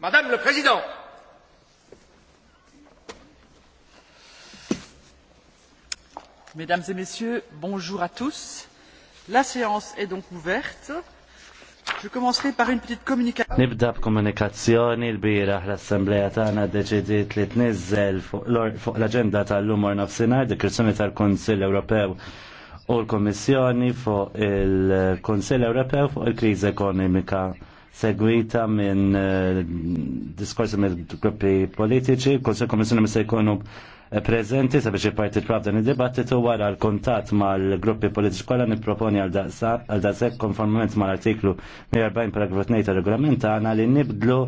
Madame le Président, Mesdames et Messieurs, bonjour à tous. La séance est donc ouverte. Je commencerai par une petite communication. Nibda b'komunikazzjoni l-biraħ l-Assembleja tagħna deċidiet li tniżżel fuq l-aġenda tal-lum or nofsinhar dikrizzjoni tal-Kunsill Ewropew u l-Kommissjoni fuq il-Kunsill Ewropew fuq il-kriżi ekonomika segwita minn eh, diskorsi minn gruppi politiċi, kolse komissjoni se jkunu eh, prezenti sabiex il-partit prab dan id-dibattitu wara l-kontat mal-gruppi politiċi kollha nipproponi għal daqshekk konformament mal-artiklu 140 paragraf 2 tal-regolament għana li nibdlu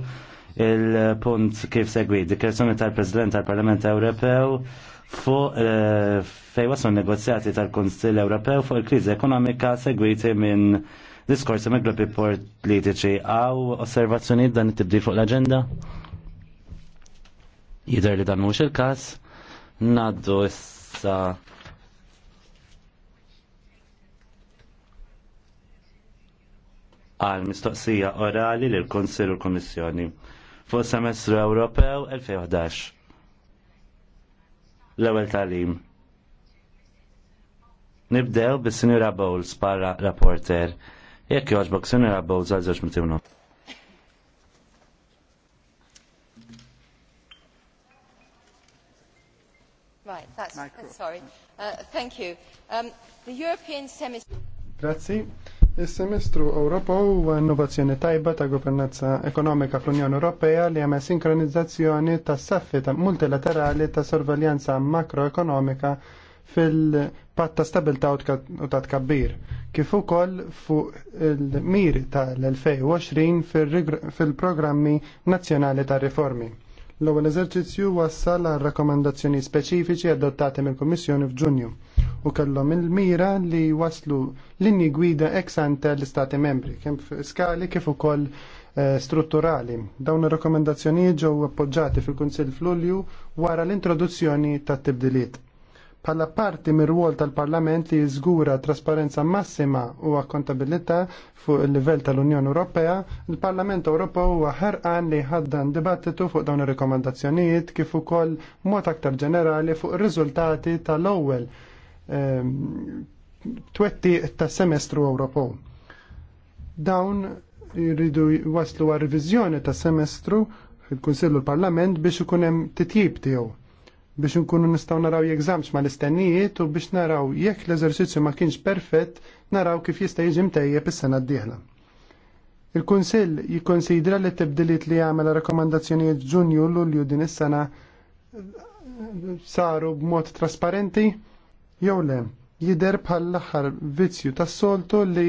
il-punt kif segwi dikrezzjoni tal-President tal-Parlament Ewropew fuq eh, fejn negozjati tal-Kunsill Ewropew fuq il-kriżi ekonomika segwiti minn diskorsi me gruppi politiċi għaw osservazzjoni dan it-tibdil fuq l-agenda? Jider li dan mux il-kas, naddu issa għal mistoqsija orali l konsil u l-Komissjoni fuq semestru Ewropew 2011. L-ewel talim. Nibdew bis-Sinjura Bowles para rapporter. Jekk joħġbok sinna għabbaw zaħġax mitimnu. Right, that's, that's uh, um, Grazzi. Is-semestru Ewropew huwa innovazzjoni tajba ta' governanza ekonomika fl-Unjoni Ewropea li għamel sinkronizzazzjoni tas saffi ta' multilaterali ta' sorveljanza makroekonomika fil pat ta' stabilta u ta' tkabbir, kif ukoll fuq il-mir tal-2020 fil-programmi nazzjonali ta' riformi. L-ewwel eżerċizzju wassal għal rakkomandazzjoni speċifiċi adottati mill-Kummissjoni f'Ġunju u kellhom il-mira li waslu linji gwida ex ante l-Istati membri, kemm skali kif ukoll eh, strutturali. Dawn ir-rakkomandazzjonijiet ġew appoġġati fil-Kunsill f'Lulju wara l-introduzzjoni tat-tibdiliet. Pala parti mir wol tal-Parlament li jizgura trasparenza massima u akkontabilità fuq il-livell tal-Unjoni Ewropea, il-Parlament Ewropew huwa ħerqan li ħaddan dibattitu fuq dawn ir-rekomandazzjonijiet kif ukoll mod aktar ġenerali fuq ir-riżultati tal-ewwel ehm, twetti tas-semestru Ewropew. Dawn jridu waslu għal riviżjoni tas-semestru fil-Kunsillu l-Parlament biex ikun hemm titjib tiegħu biex nkunu nistaw naraw jekk zamx ma l-istennijiet u biex naraw jekk l-eżerċizzju ma kienx perfett naraw kif jista' jiġi mtejjeb is-sena d-dieħla. Il-Kunsill jikkonsidra li tibdiliet li jagħmel rakkomandazzjonijiet Ġunju Lulju din is-sena saru b'mod trasparenti jew le jider bħal l-aħħar vizzju tas-soltu li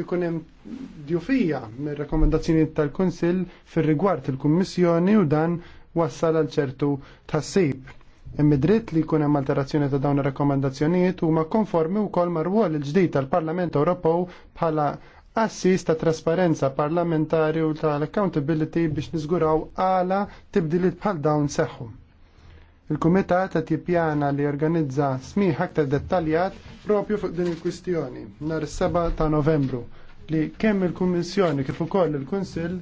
jkun hemm djufija mir-rakkomandazzjonijiet tal-Kunsill fir-rigward il-Kummissjoni u dan wassal għal ċertu tassib Imma dritt li jkun hemm alterazzjoni ta' dawn ir-rakkomandazzjonijiet huma konformi wkoll mar-rwol il-ġdid tal-Parlament Ewropew bħala assis ta' trasparenza parlamentari u tal-accountability biex niżguraw għala tibdiliet bħal dawn seħħu. Il-Kumitat qed jippjana li jorganizza smih aktar dettaljat propju fuq din il-kwistjoni nhar is 7 ta' Novembru li kemm il-Kummissjoni kif ukoll il-Kunsill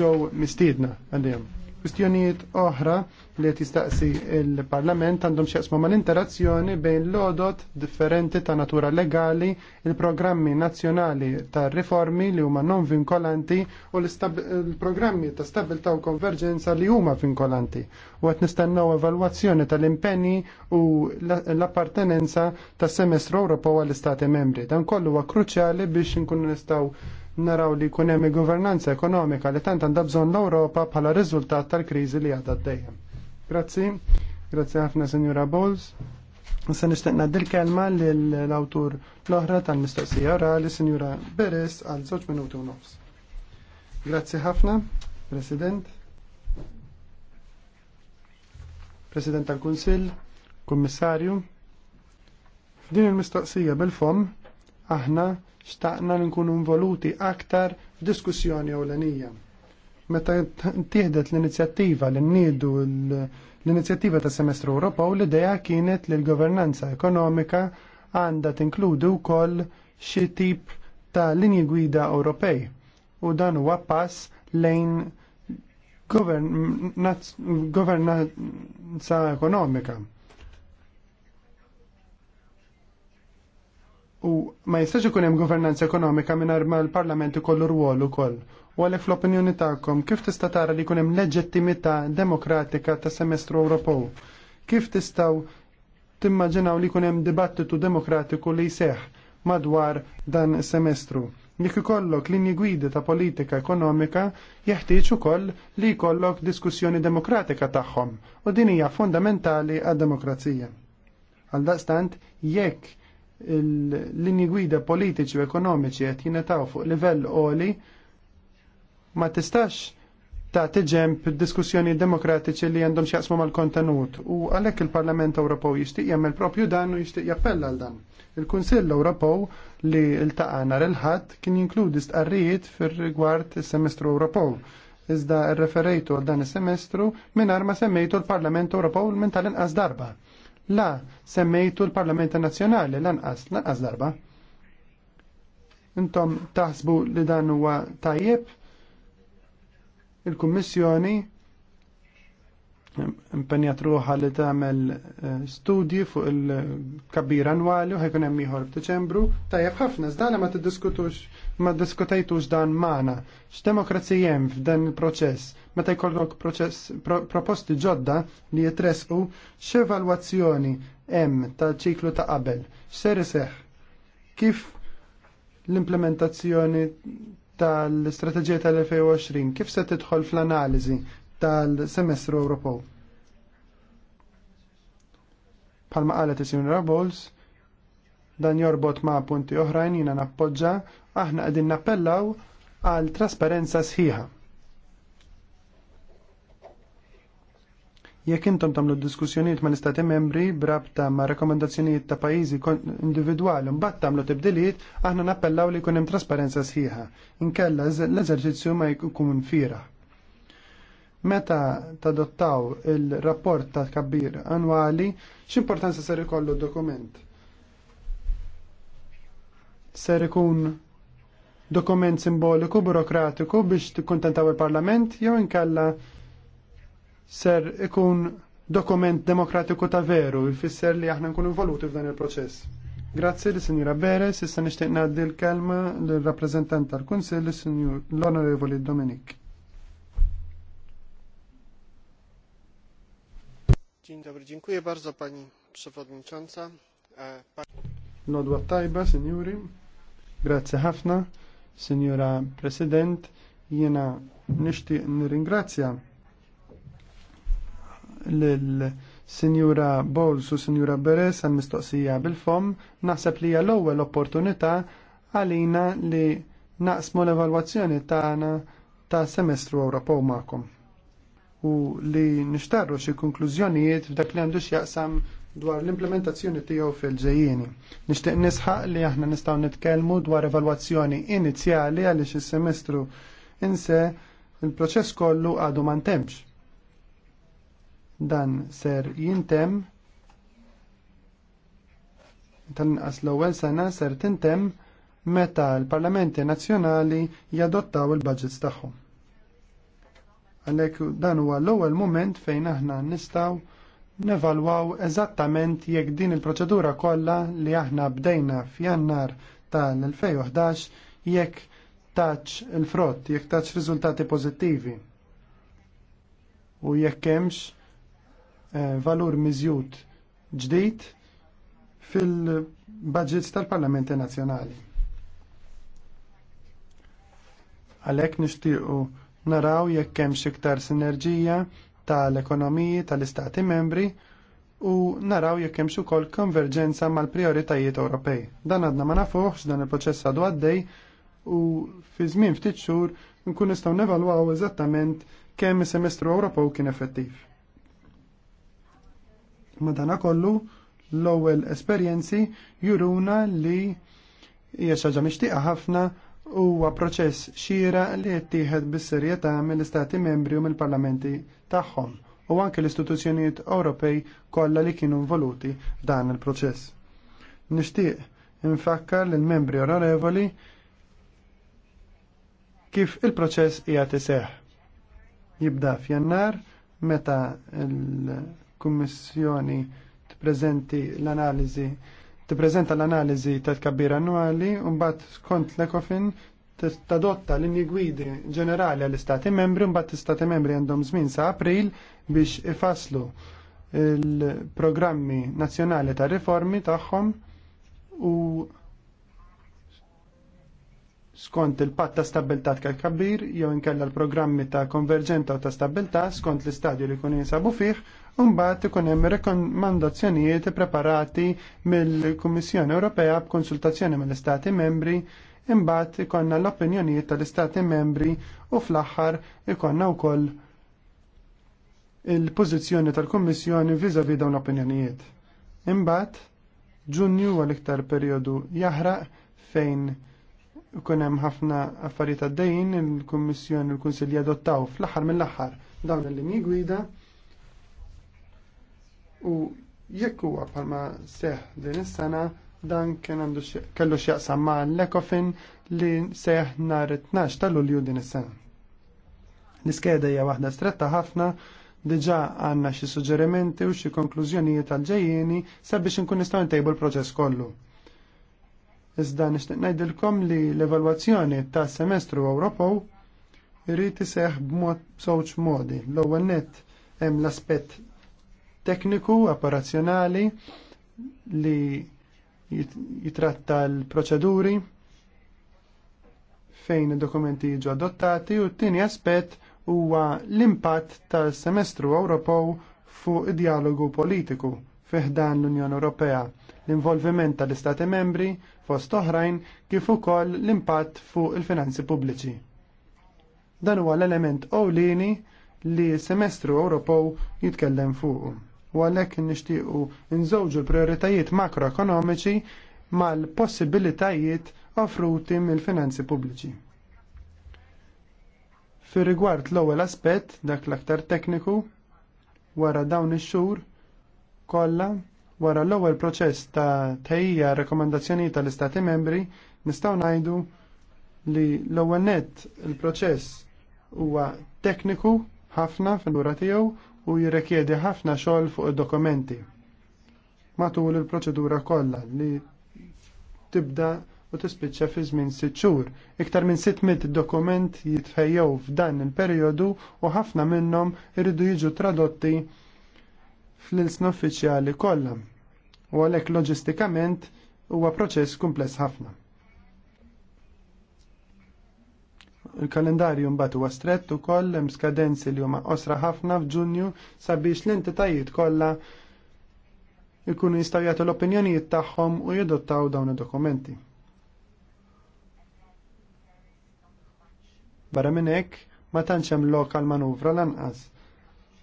ġew mistiedna għalihom. Kwistjonijiet oħra li qed jistaqsi il-Parlament għandhom x'jaqsmu mal-interazzjoni bejn l-odot differenti ta' natura legali, il-programmi nazzjonali ta' riformi li huma non vinkolanti u l-programmi ta' stabilta' u konverġenza li huma vinkolanti. U qed nistennew evalwazzjoni tal-impenni u l-appartenenza tas semestru Ewropew għall-Istati membri. Dan kollu huwa kruċjali biex nkunu nistgħu naraw li jkun hemm governanza ekonomika li tant għandha bżonn l-Ewropa bħala riżultat tal-kriżi li għadha dejjem. Grazzi, grazzi ħafna Sinjura Bowles. Issa nixtieq ngħaddi l-kelma lill-awtur l-oħra tal-mistoqsija li Sinjura Beres għal żewġ minuti u nofs. Grazzi ħafna, President. President tal-Kunsill, Kummissarju. Din il-mistoqsija bil-fom aħna xtaqna nkunu involuti aktar f'diskussjoni ewlenija. Meta tieħdet l-inizjattiva li nniedu l-inizjattiva ta' semestru Ewropew l-idea kienet li l-governanza ekonomika għandha tinkludi wkoll xi tip ta' linji gwida Ewropej u dan huwa pass lejn governanza ekonomika. U ma jistax ikun hemm governanza ekonomika mingħajr ma l-Parlament ikollu rwol ukoll. U għalhekk fl-opinjoni tagħkom kif tista' tara li jkun hemm leġittimità demokratika ta' semestru Ewropew? Kif tistgħu timmaġinaw li jkun hemm dibattitu demokratiku li jseħħ madwar dan is semestru? Jekk ikollok linji gwida ta' politika ekonomika, jeħtieġ ukoll li jkollok diskussjoni demokratika tagħhom u din hija fondamentali għad-demokrazija. Għaldaqstant, jekk l-linji gwida politiċi u ekonomiċi qed jingħataw fuq livell qoli ma tistax ta' tiġemp diskussjoni demokratiċi li għandhom xjaqsmu mal-kontenut u għalhekk il-Parlament Ewropew jixtieq jagħmel propju dan u jixtieq jappella għal dan. Il-Kunsill Ewropew li ltaqa' nhar il-ħadd kien jinkludi stqarrijiet fir-rigward is-semestru Ewropew iżda rreferejtu għal dan is-semestru mingħajr ma semmejtu l-Parlament Ewropew minn tal-inqas darba. La, semmejtu l-Parlament Nazzjonali lanqas, lanqas darba. Intom taħsbu li dan huwa tajjeb? Il-Kummissjoni impenjat ruħa li tagħmel eh, studji fuq il-kabbir annwali u ħajkun hemm ieħor f'Diċembru. Tajjeb ħafna żdana ma tiddiskutux ma diskutajtux dan magħna. X'demokrazija hemm f'dan il-proċess? Meta jkollok proċess proposti ġodda li jitresqu x'evalwazzjoni hemm tal-ċiklu ta' qabel? X'ser iseħħ? Kif l-implementazzjoni tal-istrateġija tal-2020 kif se tidħol fl-analiżi tal-semestru Ewropew. Palma qalet is-Sinjora Bowles, dan jorbot ma' punti oħrajn jina nappoġġa, aħna qegħdin nappellaw għal trasparenza sħiħa. Jekk intom tagħmlu diskussjonijiet mal-Istati membri brabta ma' rekomendazzjonijiet ta' pajjiżi individwali mbagħad tagħmlu tibdiliet, aħna nappellaw li jkun hemm trasparenza sħiħa. Inkella l-eżerċizzju ma jkun fieraħ. Meta tadottaw il-rapport ta' kabbir annwali, x'importanza ser ikollu dokument? Ser ikun dokument simboliku, burokratiku biex tikkuntentaw il-Parlament jew inkella ser ikun dokument demokratiku ta' veru, jfisser li aħna nkunu involuti f'dan il-proċess. Grazzi li sinjura Beres, issa nixtieq ngħaddi l-kelma l-rappreżentant tal-Kunsill, l-Onorevoli Dominik. dziękuję bardzo pani przewodnicząca. E, Nodwa tajba, Seniori, Grazie ħafna, signora President. Jena nishtiq nirringrazzja l-Sinjura Bowles u Sinjura Beres għal mistoqsija bil-fom, naħseb li hija l-ewwel opportunità għalina li naqsmu l-evalwazzjoni tagħna ta' semestru Ewropew magħkom u li nishtarru xie konklużjonijiet f'dak li għandu x'jaqsam dwar l-implementazzjoni tiegħu fil-ġejjieni. Nixtieq nisħaq li aħna nistgħu nitkellmu dwar evalwazzjoni inizjali għaliex is-semestru inse il-proċess kollu għadu ma ntemx. Dan ser jintem tanqas l-ewwel sena ser tintem meta l-Parlamenti Nazzjonali jadottaw il-budgets tagħhom. Għalhekk dan huwa l-ewwel mument fejn aħna nistgħu nevalwaw eżattament jekk din il-proċedura kollha li aħna bdejna f'Jannar tal-2011 jekk taċ il-frott, jekk taċ riżultati pożittivi. U jekk hemmx eh, valur miżjud ġdid fil-budgets tal-Parlamenti Nazzjonali. Għalhekk nixtiequ naraw jekk hemm xiktar sinerġija tal-ekonomiji tal-istati membri u naraw jekk hemm ukoll konverġenza mal-prioritajiet Ewropej. Dan għadna ma nafuħx dan il-proċess għadu għaddej u fi żmien ftit xhur nkun nistgħu nevalwaw eżattament kemm is-semestru Ewropew kien effettiv. Madanakollu l-ewwel esperjenzi juruna li hija xi ħaġa mixtieqa ħafna huwa proċess xira li jittieħed bis-serjetà mill-Istati membri u mill-parlamenti tagħhom u anke l-istituzzjonijiet Ewropej kollha li kienu involuti f'dan il-proċess. Nixtieq infakkar lill membri onorevoli kif il-proċess qiegħed iseħħ. Jibda f'jannar meta l-Kummissjoni tippreżenti l-analiżi tippreżenta l-analiżi ta' tkabbir annwali un mbagħad skont l ekofin tadotta linji gwidi ġenerali għall-Istati membri mbagħad l-Istati membri għandhom żmien sa' April biex ifasslu il-programmi nazzjonali ta' riformi tagħhom u skont il-patt ta' stabilta' kabbir jew inkella l-programmi ta' konverġenta u ta' stabilta' skont l-istadju li kun jinsabu fih Umbat ikun hemm rekomandazzjonijiet preparati mill-Kummissjoni Ewropea b'konsultazzjoni mill-Istati membri, imbagħad ikonna l-opinjonijiet tal-Istati membri u fl-aħħar ikonna wkoll il-pożizzjoni tal-Kummissjoni viżavi dawn l-opinjonijiet. Imbagħad Ġunju huwa l-iktar perjodu jaħraq fejn ikun hemm ħafna affarijiet għaddejjin il-Kummissjoni u l-Kunsilli adottaw fl-aħħar mill-aħħar dawn il-linji gwida u jekk huwa bħalma seħ din is-sena dan kien għandu kellu x'jaqsam ma' l-Ecofin li seħ nhar 12 ta' Lulju din is-sena. L-iskeda hija waħda stretta ħafna diġà għandna xi suġġerimenti u xi konklużjonijiet tal-ġejjieni sabiex inkun nistgħu ntejbu l-proċess kollu. Iżda nixtieq ngħidilkom li l-evalwazzjoni tas-semestru Ewropew irid iseħħ b'mod b'żewġ modi. L-ewwel nett hemm l-aspett tekniku, operazzjonali li jitratta l-proċeduri fejn id-dokumenti jiġu adottati u t-tieni aspett huwa l-impatt tal-semestru Ewropew fuq id-dialogu politiku fiħdan l-Unjoni Ewropea, l-involviment tal-Istati membri fost oħrajn kif ukoll l-impatt fuq il-finanzi pubbliċi. Dan huwa l-element ewlieni li semestru Ewropew jitkellem fuq u għalhekk nishtiqu nżewġu l-prioritajiet makroekonomiċi mal-possibilitajiet offruti mill-finanzi pubbliċi. Fi rigward l-ewwel aspett dak l-aktar tekniku wara dawn ix-xhur kollha wara l-ewwel proċess ta' tejja rekomandazzjoni tal-Istati membri nistgħu ngħidu li l-ewwel nett il-proċess huwa tekniku ħafna fil-lura tiegħu u jirrekjedi ħafna xogħol fuq id-dokumenti. Matul il-proċedura kollha li tibda u tispiċċa fi żmien sitt xhur. Iktar minn 600 dokument jitfejjew f'dan il-perjodu u ħafna minnhom iridu jiġu tradotti fl-ilsna uffiċjali kollha. U għalhekk loġistikament huwa proċess kumpless ħafna. Il-kalendarju mbagħad huwa strett ukoll hemm skadenzi li huma qosra ħafna f'Ġunju sabiex l-entitajiet kollha jkunu jistgħu jagħtu l-opinjonijiet tagħhom u jadottaw dawn id-dokumenti. Barra minn hekk ma tantx hemm lokal manuvra lanqas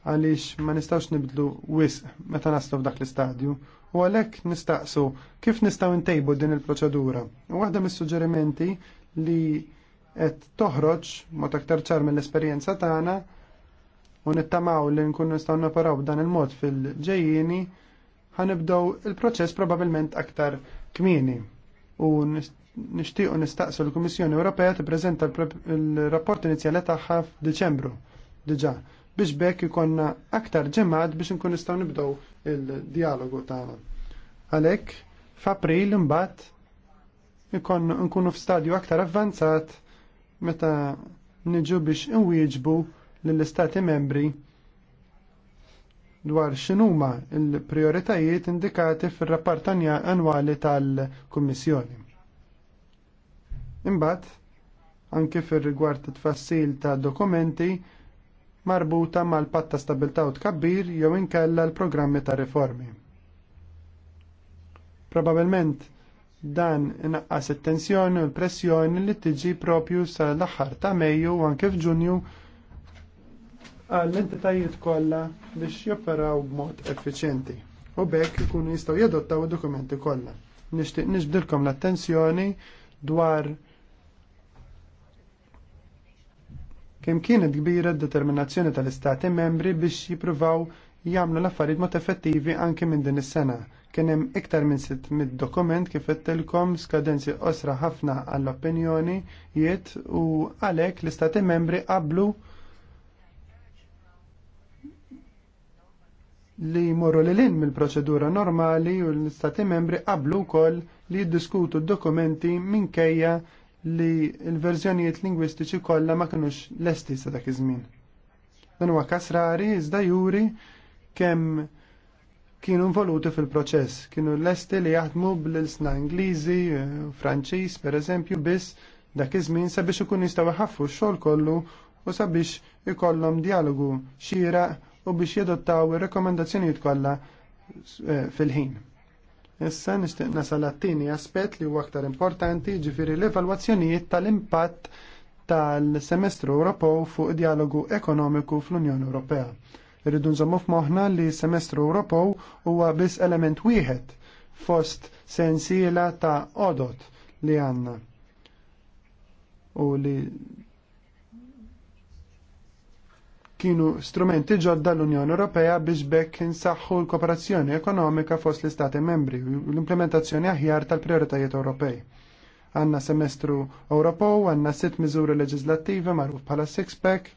għaliex ma nistgħux nibdlu wisq meta naslu f'dak l-istadju u għalhekk nistaqsu kif nistgħu ntejbu din il-proċedura. U waħda mis-suġġerimenti li qed toħroġ mod aktar ċar mill-esperjenza tagħna u nittamaw li nkunu nistgħu naparaw b'dan il-mod fil-ġejjieni ħanibdew il-proċess probabbilment aktar kmieni u nixtiequ nistaqsu l-Kummissjoni Ewropea tippreżenta l-rapport inizjali tagħha f'Diċembru diġà biex bekk ikonna aktar ġemad biex nkun nistgħu nibdew il-dialogu tagħna. Għalhekk f'April imbagħad ikon nkunu f'stadju aktar avvanzat meta niġu biex inwieġbu lill-istati membri dwar x'inhuma l-prioritajiet indikati fir-rapport annwali tal-Kummissjoni. Imbagħad, anke fir-rigward it-tfassil ta' dokumenti marbuta mal-patt ta' stabilità u tkabbir jew inkella l-programmi ta' riformi. Probabilment Dan inqas it-tensjoni u l-pressjoni li tiġi propju sal-aħħar ta' Mejju u anke f'Ġunju għall-entitajiet kollha biex jopperaw b'mod effiċjenti u bekk ikunu jistgħu jadottaw id-dokumenti kollha. Nixtieq niġbdilkom l-attenzjoni dwar kemm kienet kbira d-determinazzjoni tal-istati membri biex jippruvaw jagħmlu l-affarijiet mod effettivi anke minn din is-sena. Kien hemm iktar minn 600 dokument kif ittilkom skadenzi osra ħafna għall-opinjoni jiet u għalhekk l-istati membri qablu li jmorru li lin mill-proċedura normali u l-istati membri qablu wkoll li jiddiskutu d-dokumenti minkejja li l-verżjonijiet lingwistiċi kollha ma kinux lesti sa dak iż-żmien. Dan huwa kasrari iżda juri kemm kienu involuti fil-proċess, kienu l-esti li jaħdmu bl lisna Ingliżi, eh, Franċiż pereżempju biss dak iż-żmien sabiex ikun jistgħu jħaffu x-xogħol kollu u sabiex ikollhom dialogu xira u biex jadottaw ir-rekomendazzjonijiet kollha eh, fil-ħin. Issa nixtieq nasal għat-tieni aspett li huwa aktar importanti, ġifieri l-evalwazzjonijiet tal-impatt tal-semestru Ewropew fuq dialogu ekonomiku fl-Unjoni Ewropea Irridu nżommu f'moħħna li semestru Ewropew huwa biss element wieħed fost sensiela ta' odot li għandna. U li kienu strumenti ġodda l-Unjoni Ewropea biex bekk insaħħu l-kooperazzjoni ekonomika fost l-Istati membri u l-implementazzjoni aħjar tal-prioritajiet Ewropej. Għanna semestru Ewropew, għanna sitt miżuri leġislattivi magħruf bħala six-pack,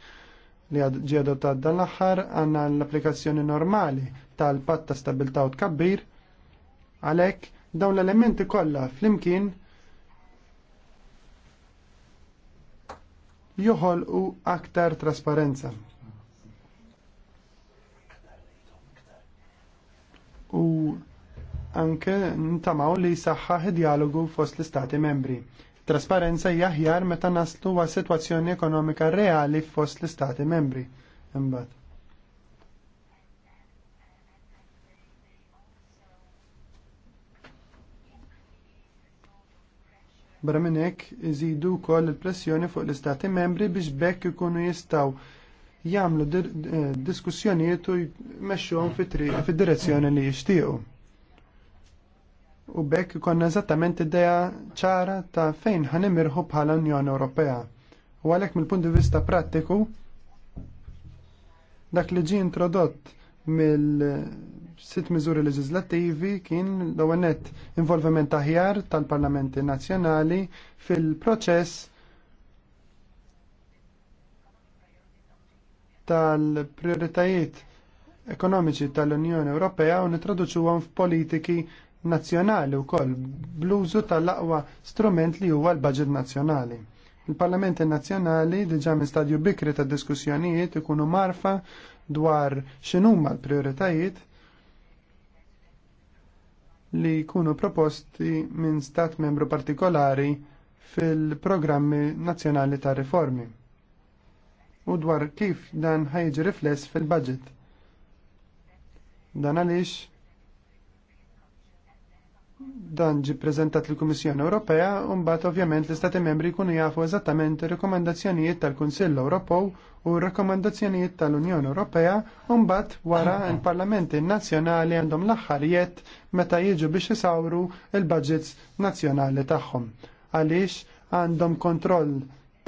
li ġi adottat dan l-aħħar għandna l-applikazzjoni normali tal-patt ta' stabilta' u tkabbir. Għalhekk dawn l-elementi kollha flimkien joħolqu aktar trasparenza. U anke ntamaw li saħħaħ dialogu fost l-istati membri. Trasparenza hija aħjar meta naslu għal sitwazzjoni ekonomika reali fost l-istati membri. Imbagħad. Barra minn hekk iżidu wkoll il-pressjoni fuq l-istati membri biex bekk ikunu jistgħu jagħmlu eh, diskussjonijiet u jmexxuhom fid-direzzjoni li jixtiequ u bekk konna eżattament id-deja ċara ta' fejn ħanimirħu bħala Unjoni Ewropea. U għalhekk mill-punt di vista prattiku, dak li ġi introdott mill-sitt miżuri leġislattivi kien l-ewwel involviment aħjar tal-Parlamenti Nazzjonali fil-proċess tal-prioritajiet ekonomiċi tal-Unjoni Ewropea u nitraduċuhom f'politiki nazzjonali wkoll bl-użu tal-aqwa strument li huwa l-budget nazzjonali. Il-Parlamenti Nazzjonali diġà minn stadju bikri ta' diskussjonijiet ikunu marfa dwar x'inhuma l-prioritajiet li jkunu proposti minn stat membru partikolari fil-programmi nazzjonali ta' riformi u dwar kif dan ħajġi rifless fil-budget. Dan għaliex dan ġi prezentat l-Kummissjoni Ewropea, mbagħad ovvjament l-Istati membri jkunu jafu eżattament ir-rekomandazzjonijiet tal-Kunsill Ewropew u r-rekomandazzjonijiet tal-Unjoni Ewropea, u mbagħad wara l-Parlamenti Nazzjonali għandhom l-aħħar jett meta jiġu biex isawru il-budgets nazzjonali tagħhom. Għaliex għandhom kontroll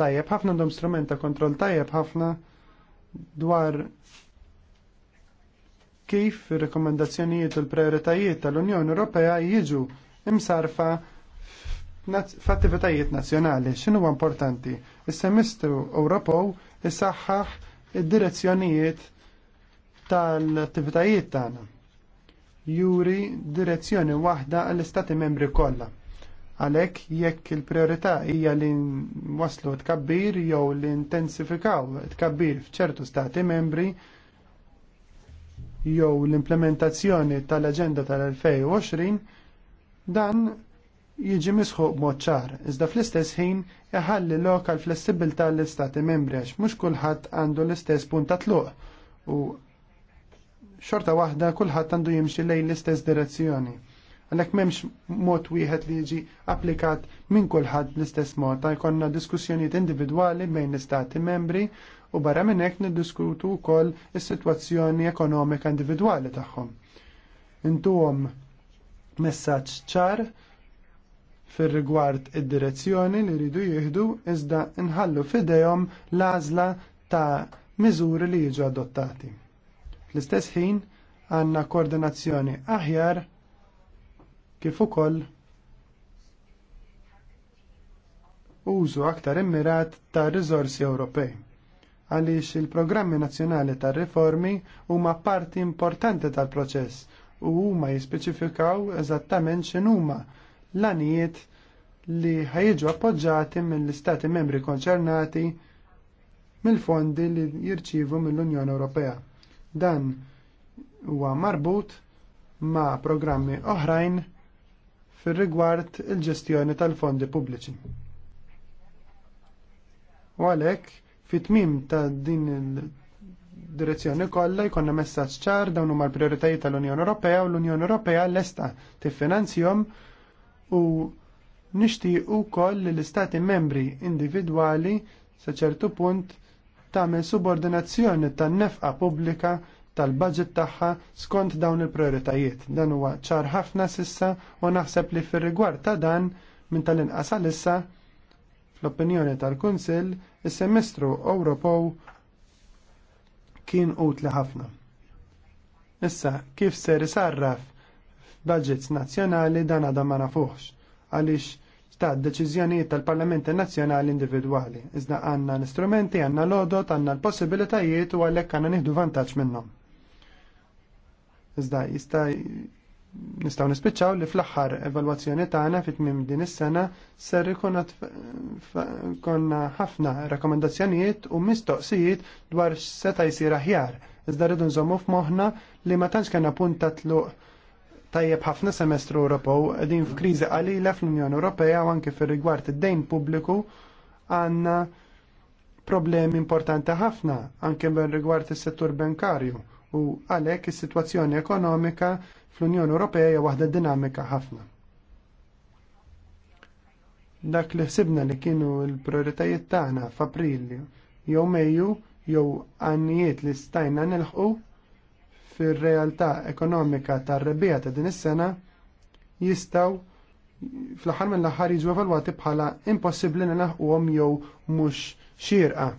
tajjeb ħafna għandhom strument ta' kontroll tajjeb ħafna dwar kif ir-rekomendazzjonijiet u l-prioritajiet tal-Unjoni Ewropea jiġu imsarfa f'attivitajiet nazzjonali. X'inhu importanti? Is-semestru Ewropew isaħħaħ id-direzzjonijiet tal-attivitajiet tagħna. Juri direzzjoni waħda għall-istati membri kollha. Għalhekk jekk il-priorità hija li waslu tkabbir jew li intensifikaw tkabbir f'ċertu stati membri, jew l-implementazzjoni tal-Aġenda tal-2020 dan jiġi misħuq mod ċar, iżda fl-istess ħin iħalli lokal flessibilità l-istati membri għax mhux kulħadd għandu l-istess punt ta' tluq u xorta waħda kulħadd għandu jimxi lejn l-istess direzzjoni. Għalhekk m'hemmx mod wieħed li jiġi applikat minn kulħadd l-istess mod ta' jkollna diskussjonijiet individwali bejn l-istati membri u barra minn hekk niddiskutu wkoll is-sitwazzjoni ekonomika individwali tagħhom. Intuhom messaġġ ċar fir-rigward id-direzzjoni li jridu jieħdu iżda nħallu f'idejhom l-għażla ta' miżuri li jiġu adottati. Fl-istess ħin għandna koordinazzjoni aħjar kif ukoll użu aktar immirat ta' riżorsi Ewropej għaliex il-programmi nazzjonali tar-riformi huma parti importanti tal-proċess u huma jispeċifikaw eżattament x'inhuma l-anijiet li ħajġu appoġġati mill-istati membri konċernati mill-fondi li jirċivu mill-Unjoni Ewropea. Dan huwa marbut ma' programmi oħrajn fir rigward il-ġestjoni tal-fondi pubbliċi. U għalhekk Fit-tmim ta' din il-direzzjoni kollha jkollna messaġġ ċar dawn huma l-prijoritajiet tal-Unjoni Ewropea u l-Unjoni Ewropea lesta tiffinanzjhom u nixtieq ukoll li l-istati membri individwali sa ċertu punt tagħmel subordinazzjoni tan-nefqa pubblika tal-budget tagħha skont dawn il-prioritajiet. Dan huwa ċar ħafna sissa u naħseb li fir-rigward ta' dan minn tal-inqas issa fl-opinjoni tal-Kunsill Is-semestru Ewropew kien utli ħafna. Issa, kif ser isarraf budgets nazzjonali dan għadha ma nafuħx għaliex ta' deċiżjonijiet tal-Parlamenti Nazzjonali individwali. Iżda għandna l-istrumenti, għandna l-odot, għandna l-possibilitajiet u għalhekk għandna nieħdu vantaġġ minnhom. Iżda jista' nistaw nispiċċaw li fl-aħħar evalwazzjoni tagħna fit tmiem din is-sena ser ikun konna ħafna rakkomandazzjonijiet u mistoqsijiet dwar seta' jsir aħjar. Iżda rridu nżommu f'moħħna li ma tantx kellna punta tluq tajjeb ħafna semestru Ewropew qegħdin f'kriżi qalila fl-Unjoni Ewropea u anke fir-rigward id-dejn pubbliku għandna problemi importanti ħafna anke rigward is-settur bankarju u għalhekk is-sitwazzjoni ekonomika fl-Unjoni Ewropea hija waħda dinamika ħafna. Dak li ħsibna li kienu l-prioritajiet tagħna f'April jew Mejju jew għannijiet li stajna nilħqu fir-realtà ekonomika tar-rebija ta' din is-sena jistgħu fl-aħħar mill-aħħar jiġu evalwati bħala impossibbli nilħquhom jew mhux xierqa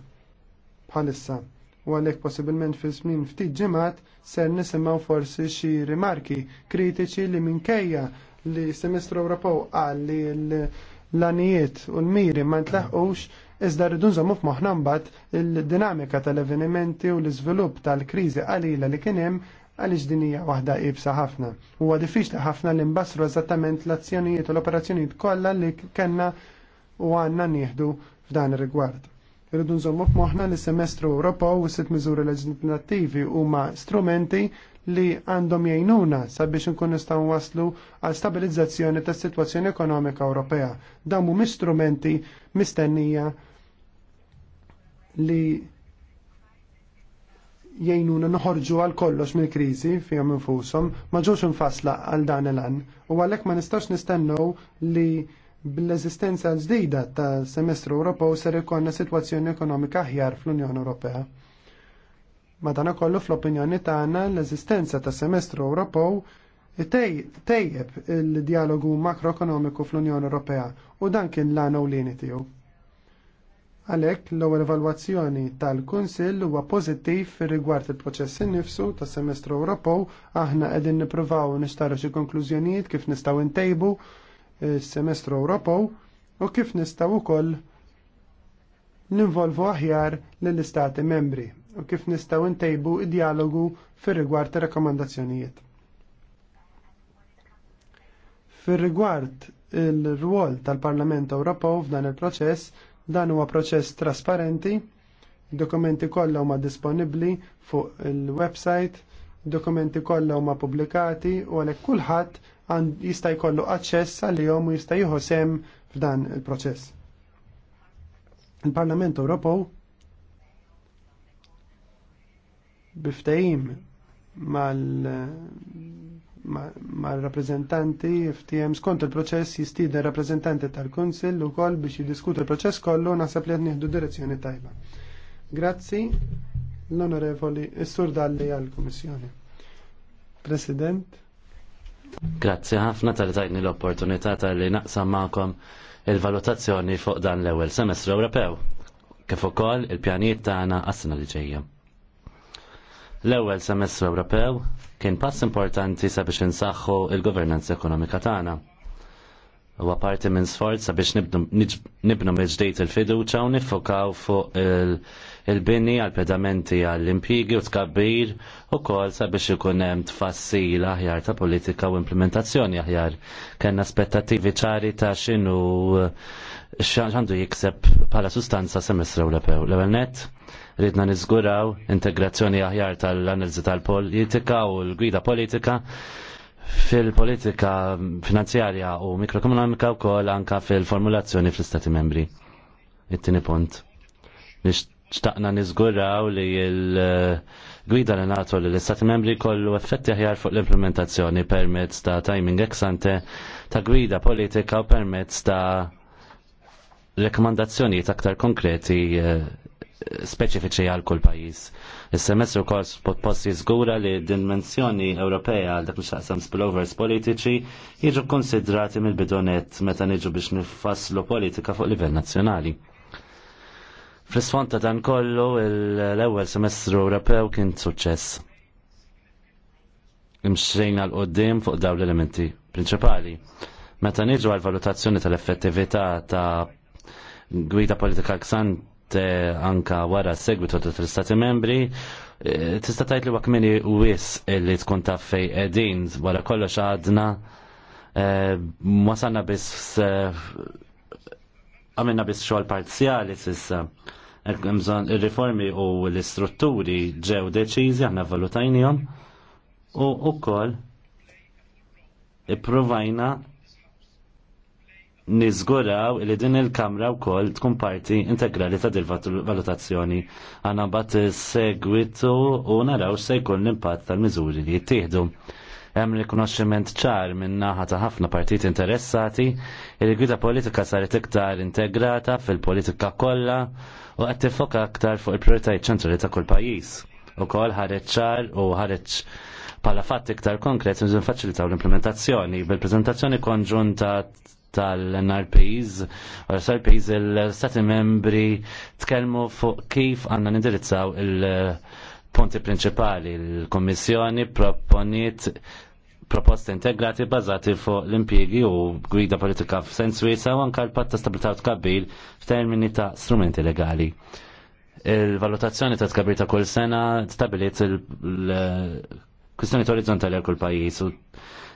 bħalissa u għalhekk possibilment fi żmien ftit ġimgħat ser nisimgħu forsi xi rimarki kritiċi li minkejja li semestru Ewropew qal li l-anijiet u l-miri ma ntlaħqux iżda rridu nżommu f'moħħna mbagħad il-dinamika tal-avvenimenti u l-iżvilupp tal-kriżi qalila li kien hemm għaliex din hija waħda qibsa ħafna. Huwa diffiċli ħafna li nbassru eżattament l-azzjonijiet u l-operazzjonijiet kollha li kellna u għandna nieħdu f'dan ir-rigward rridu nżommu f'moħħna li semestru Ewropew u sitt miżuri leġislattivi huma strumenti li għandhom jgħinuna sabiex nkun nistgħu waslu għal stabilizzazzjoni tas-sitwazzjoni ekonomika Ewropea. Dawn mhumiex strumenti mistennija li jgħinuna noħorġu għal kollox mill kriżi fihom infushom ma ġewx infassla għal dan il-għan u għalhekk ma nistax nistennew li Bil-eżistenza ġdida ta' semestru Ewropew ser ikonna sitwazzjoni ekonomika aħjar fl-Unjoni Ewropea. Madankollu fl-opinjoni tagħna l-eżistenza ta' semestru Ewropew tejjeb il-dialogu makroekonomiku fl-Unjoni Ewropea u dan kien l-għana u lini tiegħu. Għalhekk l-ewwel evalwazzjoni tal-Kunsill huwa pożittiv fir-rigward il-proċess innifsu tas semestru Ewropew aħna qegħdin nippruvaw nixtaru xi konklużjonijiet kif nistgħu ntejbu semestru Ewropew u kif nistgħu wkoll ninvolvu aħjar lill-istati membri u kif nistgħu ntejbu id-dialogu fir-rigward ta' rakkomandazzjonijiet. Fir-rigward il-rwol tal-Parlament Ewropew f'dan il-proċess, dan huwa proċess trasparenti, dokumenti kollha huma disponibbli fuq il-website dokumenti kollha huma pubblikati u għalhekk kulħadd jista' jkollu aċċess għalihom u jista' jieħu f'dan il-proċess. Il-Parlament Ewropew biftejim mal-rappresentanti FTM skont il-proċess jistida rappresentanti tal-Kunsill u kol biex jiddiskutu il-proċess kollu naħseb li qed nieħdu direzzjoni tajba. Grazzi l-Onorevoli Sur Dalli għall-Kummissjoni. President. Grazzi ħafna tal-tajni l-opportunità tal-li naqsam ma'kom il-valutazzjoni fuq dan l-ewwel semestru Ewropew kif ukoll il-pjanijiet tagħna għas-sena li ġejja. L-ewwel semestru Ewropew kien pass importanti sabiex insaħħu il-governanza ekonomika tagħna. Huwa parti minn sforz sabiex nibnu mill-ġdejt il-fiduċa u nifokaw fuq il-, -il il-bini għal-pedamenti għall impigi u tkabbir u kol sabiex ikun hemm tfassil aħjar ta' politika u implementazzjoni aħjar. Kenna aspettativi ċari ta' xinu xandu jikseb bħala sustanza semestra u L-ewwel net, ridna niżguraw integrazzjoni aħjar tal-analiżi tal-politika u l-gwida politika fil-politika finanzjarja u mikroekonomika u kol anka fil-formulazzjoni fl-Stati membri. it punt. Nisht ċtaqna nizguraw li il-gwida li nato li l-Istati membri kollu effetti ħjar fuq l-implementazzjoni permezz ta' timing eksante ta' gwida politika u permezz ta' rekomandazzjoni aktar konkreti eh, speċifiċi għal kull pajis. Is-semestru kors posti zgura li dimensjoni Ewropea għal dak xaqsam spillovers politiċi jiġu konsidrati mill-bidonet meta niġu biex nifasslu politika fuq livell nazzjonali fl isfonta ta' dan kollu l-ewwel semestru Ewropew kien suċċess. Imxejn l-qoddim fuq dawn l-elementi prinċipali. Meta niġu għal-valutazzjoni tal-effettività ta' gwida politika ksante anka wara segwitu ta' tal-Stati membri, e, tista' tajt li wakmini wis illi tkun taf fej edin wara kollox għadna Mwasanna e, bis e, għamilna biss xogħol parzjali sissa il-riformi u l-istrutturi ġew deċiżi aħna valutajnijom u i-provajna nizguraw li din il-kamra u koll tkun parti integrali ta' dil-valutazzjoni għanna bat segwitu u naraw se jkun l-impatt tal-mizuri li jittieħdu hemm rikonoxximent ċar minn naħa ta' ħafna partit interessati il-gwida politika saret iktar integrata fil-politika kollha u qed tifoka aktar fuq il-prijoritajiet ċentrali ta' kull pajjiż ukoll ħareġ ċar u ħareġ bħala fatt iktar konkret nżin faċilitaw l-implementazzjoni bil-preżentazzjoni konġunta tal-NRPs, u l-SRPs il-stati membri tkellmu fuq kif għanna nindirizzaw il- punti principali l-Kommissjoni proponiet proposti integrati bazati fuq l impiegi u gwida politika f'sens wiesa u anka l patta ta' stabilità u tkabbir f'termini ta' strumenti legali. Il-valutazzjoni ta' tkabbir ta' kull sena stabiliet il-kwistjoni orizzontali għal kull pajjiż u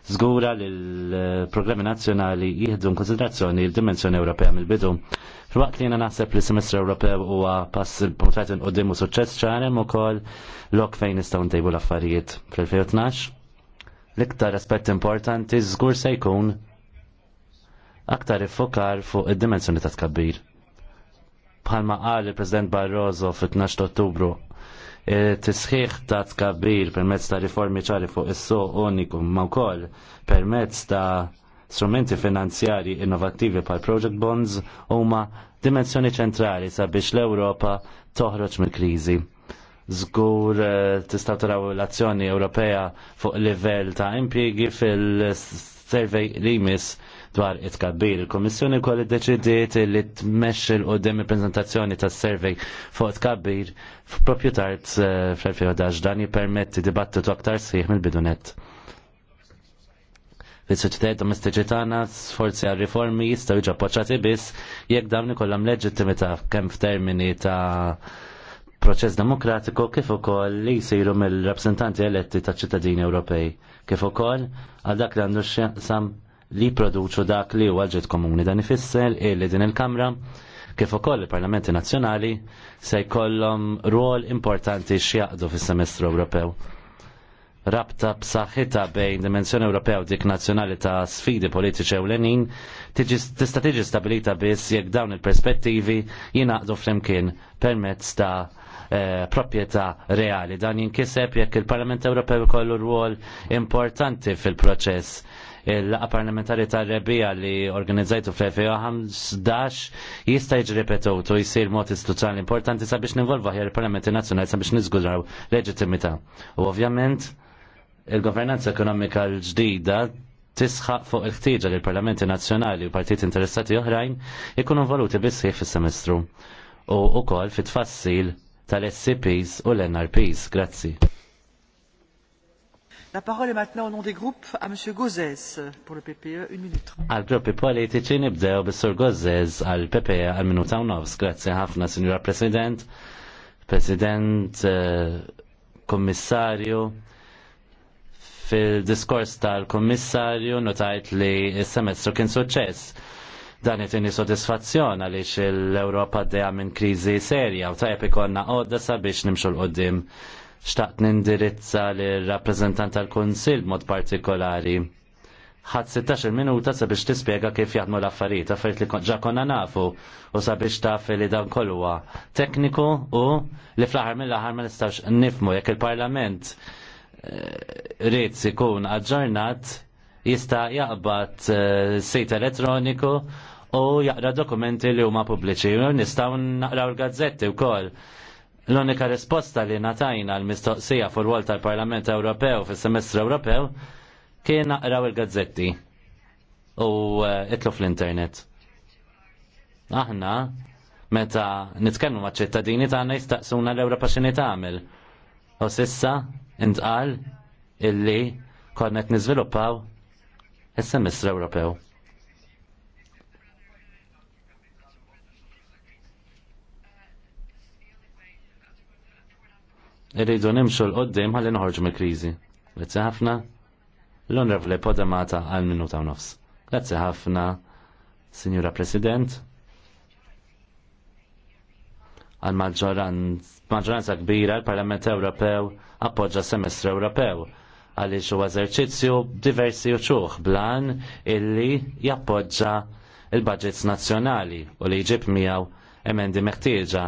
zgura li l-programmi nazzjonali jieħdu konsiderazzjoni l-dimensjoni Ewropea mill-bidu. fil li jena naħseb li semestru Ewropew huwa pass il-puntajt inqoddim u suċċess ċarem ukoll lok fejn nistgħu ntejbu l-affarijiet fl-2012 L-iktar aspett importanti żgur se jkun aktar iffokar fuq id-dimensjoni ta' tkabbir. Bħalma qal il-President Barroso fit-12 Ottubru tisħiħ ta' tkabbir permezz ta' riformi ċari fuq is-suq unikum ma' wkoll permezz ta' strumenti finanzjari innovattivi pal project bonds huma dimensjoni ċentrali sabiex l-Ewropa toħroġ mill-kriżi. Zgur eh, tista' taraw l-azzjoni Ewropea fuq livell ta' impjiegi fil-survey li jmiss dwar it tkabbir Il-Komissjoni kolli deċidiet li tmexxi l qudiem il-prezentazzjoni tas survey fuq it tkabbir f'propju tard eh, fl-2011 dan jippermetti dibattitu aktar sħiħ mill-bidunet. Fis-soċjetajiet domestiċi tagħna sforzi għal riformi jistgħu jiġu appoġġjati biss jekk dawn ikollhom leġittimità kemm f'termini ta' proċess demokratiku kif ukoll li jsiru mill-rappresentanti eletti ta' ċittadini Ewropej, kif ukoll għal dak li għandu sam li produċu dak li huwa ġid komuni dan ifisser illi din il-Kamra kif ukoll il-Parlamenti Nazzjonali se jkollhom rol importanti x'jaqdu fis-semestru Ewropew. Rabta b'saħħitha bejn dimensjoni Ewropew dik nazzjonali ta' sfidi politiċi ewlenin tista' tiġi stabilita biss jekk dawn il-perspettivi jingħaqdu flimkien permezz ta' Eh, proprjetà reali. Dan jinkiseb jekk il-Parlament Ewropew ikollu rwol importanti fil-proċess il-laqa parlamentari ta' rebija li organizzajtu fl-2015 jista' jiġi u jisir mod istituzzjonali importanti sabiex ninvolva ħjar il-Parlamenti Nazzjonali sabiex niżguraw leġittimità. U ovvjament il-governanza ekonomika l-ġdida tisħaq fuq il-ħtieġa li l-Parlamenti Nazzjonali u partiti interessati oħrajn ikunu voluti bisħieħ fis-semestru u wkoll fit-tfassil tal-SCPs u l-NRPs. Grazzi. La parole est maintenant au nom des groupes à Monsieur Gozès pour le PPE, une minute. Għal gruppi politiċi nibdew bis-sur Gauzès għal PPE al minuta un nofs. Grazie ħafna, Signora President, President, eh, Kommissarju. Fil-diskors tal-Kommissarju notajt li s-semestru kien suċċess Dan it-tini għaliex l-Ewropa d minn kriżi serja u tajb ikonna għodda sabiex nimxu l-qoddim. Xtaqt nindirizza l-rappresentant tal-Konsil mod partikolari ħad 16 minuta sabiex tispjega kif jaħdmu l-affarijiet, affarijiet li ġa konna nafu u sabiex taf li dan kolwa tekniku u li fl-aħħar mill-aħħar ma nistax nifmu jekk il-Parlament eh, rrid ikun aġġornat jista' jaqbad eh, sejt elettroniku u jaqra dokumenti li huma pubbliċi. u Nistgħu naqraw il-gazzetti wkoll. L-unika risposta li natajna l-mistoqsija fuq il-wol tal-Parlament Ewropew fis-semestru Ewropew kien naqraw il-gazzetti u eh, itlu fl-internet. Aħna, meta nitkellmu ma' ċittadini tagħna jistaqsuna l-Ewropa x'inhi tagħmel. U sissa intqal illi konna qed niżviluppaw is-semestru Ewropew. Irridu nimxu l-qoddim ħalli noħorġu mill-kriżi. Grazzi ħafna. L-Onorevole Podemata għal minuta u nofs. Grazzi ħafna, Signora President. Għal maġġoranza kbira l-Parlament Ewropew appoġġa semestru Ewropew għaliex huwa eżerċizzju diversi uċuħ blan illi jappoġġa il-budgets nazzjonali u li jġib miegħu emendi meħtieġa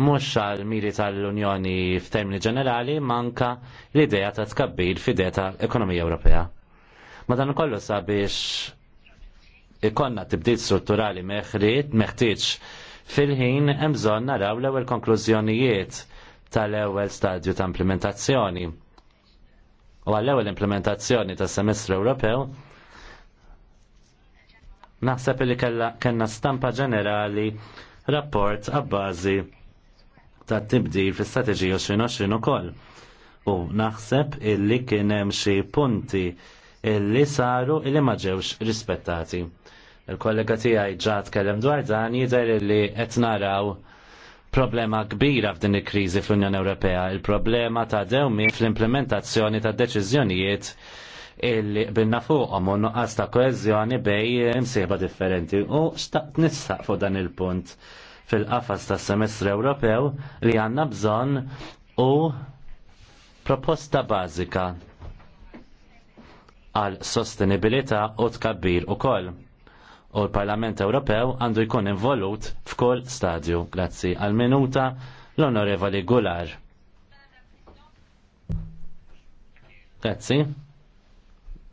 mhux għal miri tal-Unjoni f'termini ġenerali manka l-idea ta' tkabbir f'idea tal-ekonomija Ewropea. dan kollu sabiex ikonna tibdil strutturali meħrid, meħtieġ fil-ħin hemm bżonn naraw l-ewwel konklużjonijiet tal-ewwel stadju ta' implementazzjoni. U għall-ewwel implementazzjoni tas semestru Ewropew naħseb li kellna stampa ġenerali rapport għabbażi ta' tibdi fl-istrateġija 2020 ukoll. U naħseb illi kien hemm xi punti illi saru illi ma ġewx rispettati. Il-kollega tiegħi ġat tkellem dwar dan jidher illi qed naraw problema kbira f'din il-krizi fl-Unjoni Ewropea, il-problema ta' dewmi fl-implementazzjoni ta' deċiżjonijiet illi binna fuqhom u nuqqas ta' koeżjoni bej imsieba differenti. U xtaqt nistaq fuq dan il-punt fil-qafas tas semestru Ewropew li għandna bżonn u proposta bażika għal sostenibilità u tkabbir ukoll. U l-Parlament Ewropew għandu jkun involut f'kull stadju. Grazzi għal minuta l-Onorevoli Gular. Grazzi.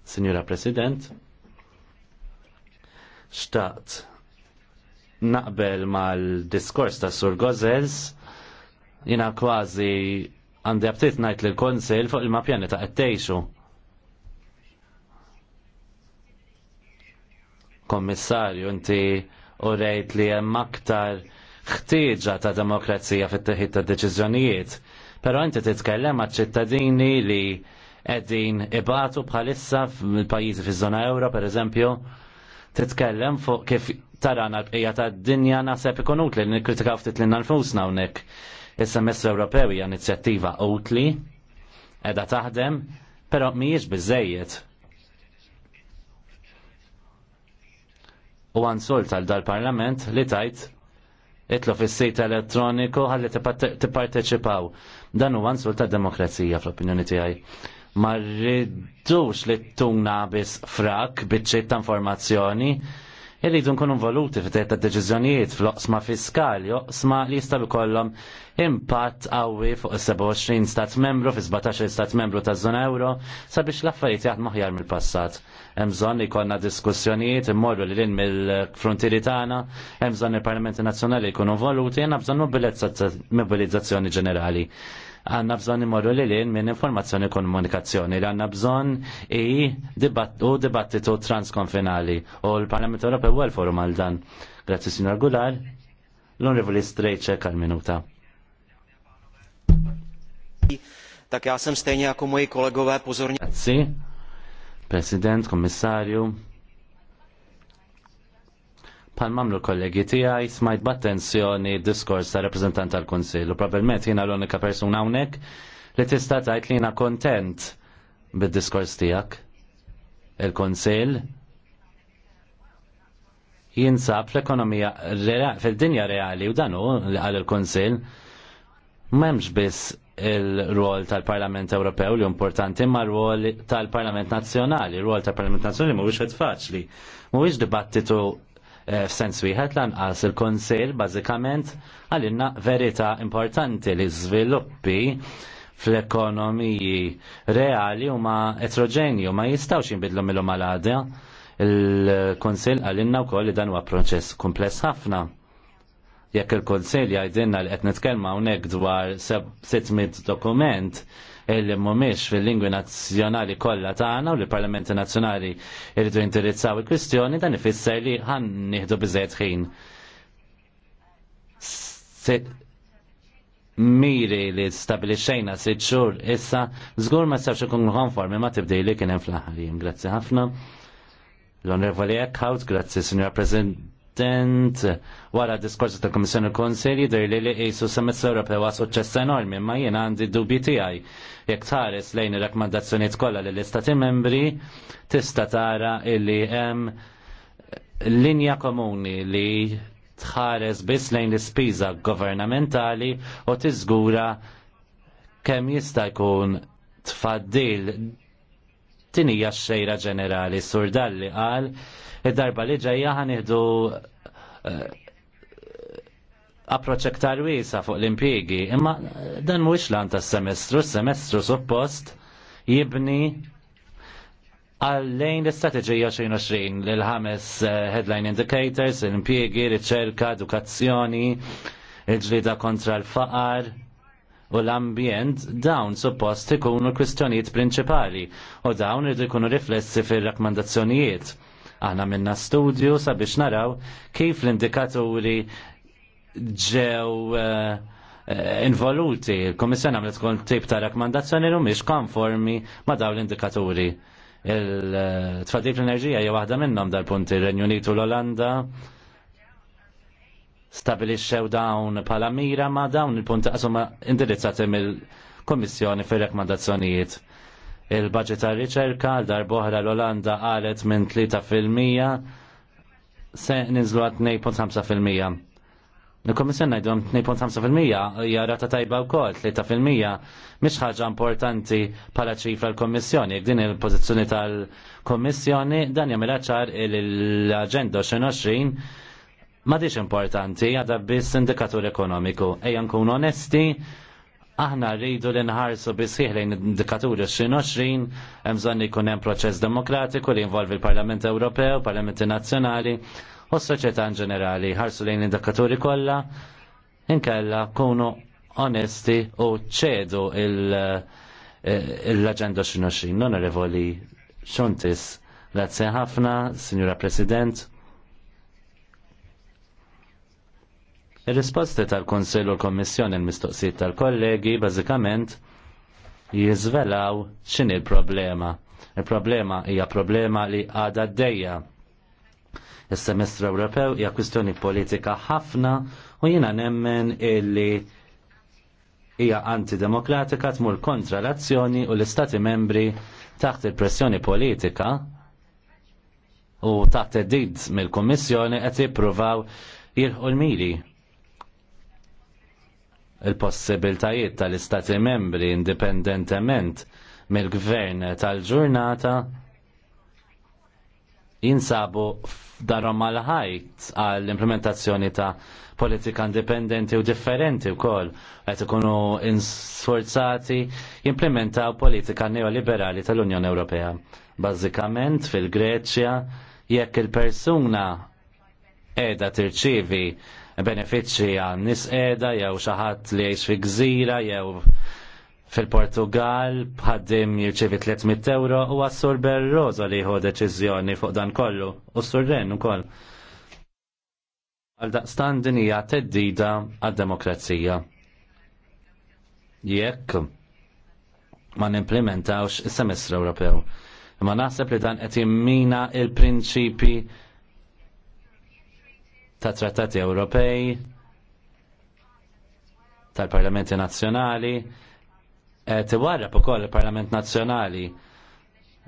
Signora President. Xtaqt naqbel mal-diskors ta' Sur Gozels, jina kważi għandi għabtit najt l-konsil fuq il-mapjani ta' għattejxu. Kommissarju, inti u rejt li hemm aktar ħtieġa ta' demokrazija fit-teħid ta' deċiżjonijiet, però inti titkellem għad ċittadini li qegħdin ibatu bħalissa fil-pajjiżi fiż-żona euro, per eżempju, titkellem fuq kif tarana l-bqija ta' dinja naħseb ikun utli li nikkritikaw ftit lilna nfusna hawnhekk. Is-semestru Ewropew hija inizjattiva utli qiegħda taħdem, però mhijiex biżejjed. U għansol tal-dal-parlament li tajt itlu fis-sit elettroniku ħalli tipparteċipaw. Dan huwa għansul tad-demokrazija fl-opinjoni tiegħi ma rridux li tuna bis frak biċċiet ta' informazzjoni irridu nkunu involuti fit ta' deċiżjonijiet fl-oqsma fiskali, oqsma li jistgħu ikollhom impatt qawwi fuq 27 stat membru fi 17 stat membru ta' żona euro sabiex l-affarijiet jaħdmu aħjar mill-passat. Hemm bżonn ikollna diskussjonijiet immorru li lin mill-frontieri tagħna, hemm bżonn il-Parlamenti Nazzjonali jkunu involuti, jiena bżonn mobilizzazzjoni ġenerali għanna bżon imorru li l-in minn informazzjoni komunikazzjoni li għanna bżon i dibatt, u dibattitu transkonfinali u l-Parlament Ewropew l forum għal dan. Grazzi Signor Gular, l-Onrevoli Strejċe, kal minuta. Tak já jsem stejně jako moji kolegové pozorně. Grazie. President, komisario, Pan mamlu kollegi tijaj smajt b'attenzjoni diskors ta' reprezentant tal-Konsil u probabilment jina l-unika persuna hawnhekk li tista' tajt li jina kontent bid-diskors tiegħek. Il-Konsil jinsab fl-ekonomija fil-dinja reali u danu li għal il-Konsil m'hemmx biss il-rol tal-Parlament Ewropew li importanti imma rol tal-Parlament Nazzjonali, rol tal-Parlament Nazzjonali mhuwiex qed faċli. Mhuwiex dibattitu Eh, f'sens wieħed lanqas il-Kunsill bażikament għalinna verità importanti li żviluppi fl-ekonomiji reali huma etroġenju ma jistgħux jinbidlu mill mal-għadja. Il-Kunsill għalinna wkoll li dan huwa proċess kumpless ħafna. Jekk il-Kunsill jgħidilna li qed nitkellma hawnhekk dwar 600 dokument, illi mhumiex fil-lingwi nazzjonali kollha tagħna u li parlamenti nazzjonali jridu jindirizzaw il-kwistjoni dan ifisser li ħan nieħdu biżejjed ħin. Miri li stabilixxejna sitt xhur issa żgur ma sarx ikun konformi ma tibdej li kien hemm fl-aħħar Grazzi ħafna. L-Onorevoli Eckhout, grazzi Signora President attent wara diskorsi ta' Komissjoni Konsili dir li li qisu semestru Ewropew għas suċċess enormi, ma jien għandi dubji tiegħi jekk tħares lejn ir-rakkomandazzjonijiet kollha lill istati membri tista' tara illi hemm linja komuni li tħares biss lejn l-ispiża governamentali u tiżgura kemm jista' jkun tfaddil tinija xejra ġenerali sur Dalli qal id-darba li ġejja ħaniħdu eh, approċ iktar wiesa fuq l impiegi imma dan mhuwiex lan tas-semestru, s-semestru suppost jibni għallejn l-istrateġija 2020 l-ħames eh, headline indicators, l impiegi riċerka, edukazzjoni, il-ġlida kontra l-faqar, u l-ambjent dawn suppost ikunu kwistjonijiet prinċipali u dawn irridu jkunu riflessi fir rakkomandazzjonijiet Aħna minna studju sabiex naraw kif l-indikaturi ġew eh, eh, involuti. Il-Komissjoni għamlet kont tip ta' rakkomandazzjoni u mhix konformi ma' dawn l-indikaturi. Il-tfadik l-enerġija hija waħda minnhom dal-punti Renju Unitu l-Olanda stabilixxew dawn bħala mira ma' dawn il-punti qasuma indirizzati mill-Komissjoni fir-rakkomandazzjonijiet Il-budget ta' riċerka għal boħra l-Olanda għalet minn 3% se ninżlu għat 2.5%. Il-Komissjon najdu 2.5% hija rata tajba wkoll 3% mhix ħaġa importanti bħala ċifra l-Kommissjoni. Din il-pożizzjoni tal komissjoni dan jagħmilha ċar l-Aġenda 2020 ma diċ importanti għada biss indikatur ekonomiku. Ejja nkun onesti, Aħna rridu li nħarsu bisħiħ lejn indikaturi 2020, hemm bżonn jkun hemm proċess demokratiku li involvi l-Parlament Ewropew, Parlamenti Nazzjonali u s-soċjetà in ġenerali. Ħarsu lejn indikaturi kollha, inkella kunu onesti u ċedu eh, l-Aġenda 2020. Non revoli xuntis. Grazie ħafna, Signora President. Ir-risposti tal-Konsil u l-Kommissjoni l-mistoqsijiet tal-kollegi bażikament jiżvelaw x'inhi l-problema. Il-problema hija problema li għadha d-dejja. Is-semestru Ewropew hija kwistjoni politika ħafna u jiena nemmen illi hija antidemokratika tmur kontra l-azzjoni u l-Istati membri taħt il-pressjoni politika u taħt id-did mill-Kommissjoni qed jippruvaw jilħu l mili il-possibiltajiet tal-istati membri indipendentement mill-gvern tal-ġurnata jinsabu f'darhom mal ħajt għall implementazzjoni ta' politika indipendenti u differenti wkoll qed ikunu insforzati jimplementaw politika neoliberali tal-Unjoni Ewropea. Bażikament fil-Greċja jekk il-persuna qiegħda tirċievi benefiċċji għan nis edha jew xi ħadd li jgħix fi gżira jew fil-Portugal bħaddim jirċivi 300 euro u għas-sur Berroza li jħu deċiżjoni fuq dan kollu u s-sur Ren ukoll. Għal daqstan dinija hija teddida għad-demokrazija. Jekk ma nimplementawx is-semestru Ewropew. Ma naħseb li dan qed jimmina il-prinċipi ta' trattati Ewropej, tal-Parlamenti Nazzjonali, tiwarrab ukoll il-Parlament Nazzjonali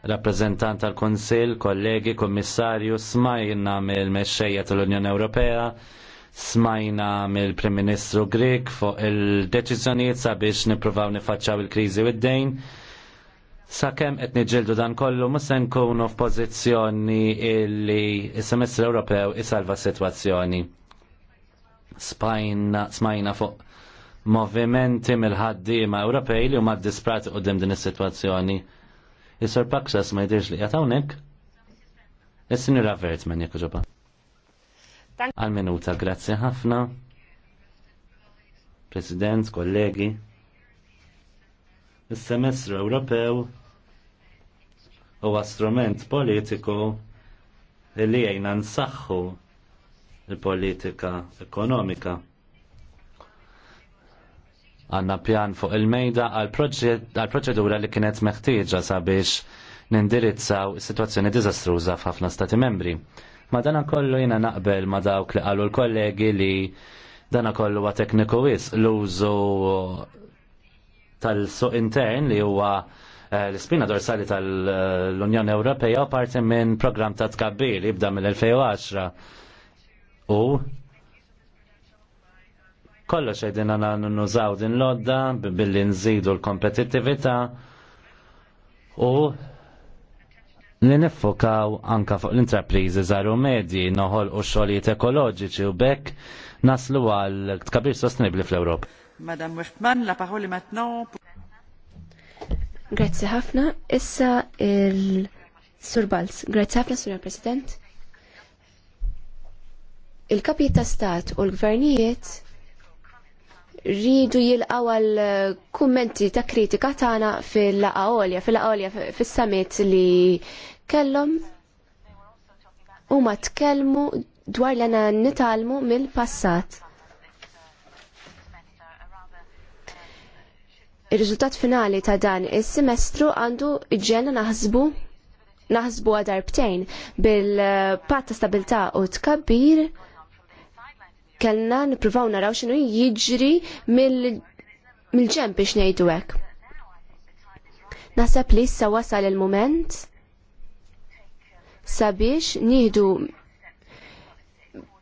rappresentant tal-Konsil, kollegi, kommissarju, smajna mill-mexxejja tal-Unjoni Ewropea, smajna mill-Prim Ministru Grik fuq il-deċiżjonijiet sabiex niprovaw nifacċaw il-krizi u id-dejn. il kriżi u id dejn il u id dejn Sakemm qed niġġieldu dan kollu ma se nkunu f'pożizzjoni illi s-semestru Ewropew isalva s-sitwazzjoni. Spajna, smajna fuq movimenti mill-ħaddiema Ewropej li huma disprati qudiem din is-sitwazzjoni. Is-Sor Paxas ma jidhirx li qiegħed hawnhekk. Is-Sinjura Vertman jekk ġoba. Għal-minuta, grazzi ħafna. President, kollegi. Is-semestru Ewropew huwa strument politiku li jgħina nsaħħu il-politika ekonomika. Għanna pjan fuq il-mejda għal-proċedura li kienet meħtieġa sabiex nindirizzaw situazzjoni dizastruża f'ħafna stati membri. Ma dana kollu jina naqbel ma dawk li għallu l-kollegi li dana kollu għatekniku wis l-użu tal-suq intern li huwa Eh, l-spina dorsali tal-Unjoni Ewropea parti minn program ta' tkabbir jibda mill-2010 u kollox għedin għana nużaw din lodda billi nżidu l-kompetittivita u li nifokaw anka fuq l-intrapriżi zaru medji noħol u xogħlijiet ekoloġiċi u bekk naslu għal tkabir sostenibli fl-Ewropa. Madam Westman, la parole maintenant. Grazzi ħafna. Issa il-Sur Balz. Grazzi ħafna, Sur President. Il-kapi ta' stat u l-gvernijiet rridu jilqaw għal kummenti ta' kritika tagħna fil-laqa fil laqgħolja fis-summit li kellhom u ma tkellmu dwar li għana nitalmu mill-passat. ir-riżultat finali ta' dan is-semestru għandu ġenna naħsbu naħsbu għadarbtejn bil-pat ta' stabilta' u tkabbir kellna nipruvaw naraw xinu jiġri mill-ġemp biex nejdu hekk. Naħseb li issa wasal il-moment sabiex nieħdu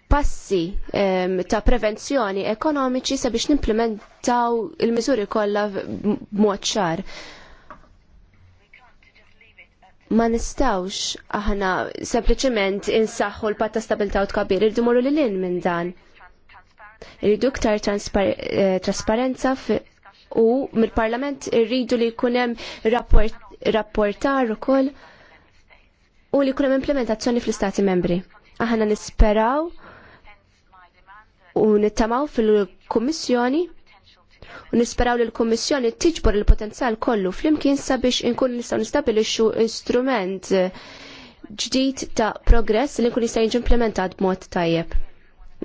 passi um, ta' prevenzjoni ekonomiċi sabiex nimplementaw il-miżuri kollha b'mod ċar. Ma nistawx aħna sempliċement insaħħu l-patt ta' stabilità u tkabbir, irridu morru lil hinn minn dan. Irridu iktar eh, trasparenza u mill-Parlament irridu li jkun hemm rapportar ukoll u li jkun hemm implementazzjoni fl-Istati membri. Aħna nisperaw u nittamaw fil-Kummissjoni u nisperaw li l-Kummissjoni tiġbor il-potenzjal kollu flimkien sabiex inkun nistgħu nistabilixxu instrument ġdid ta' progress li nkun jista' jiġi implementat b'mod tajjeb.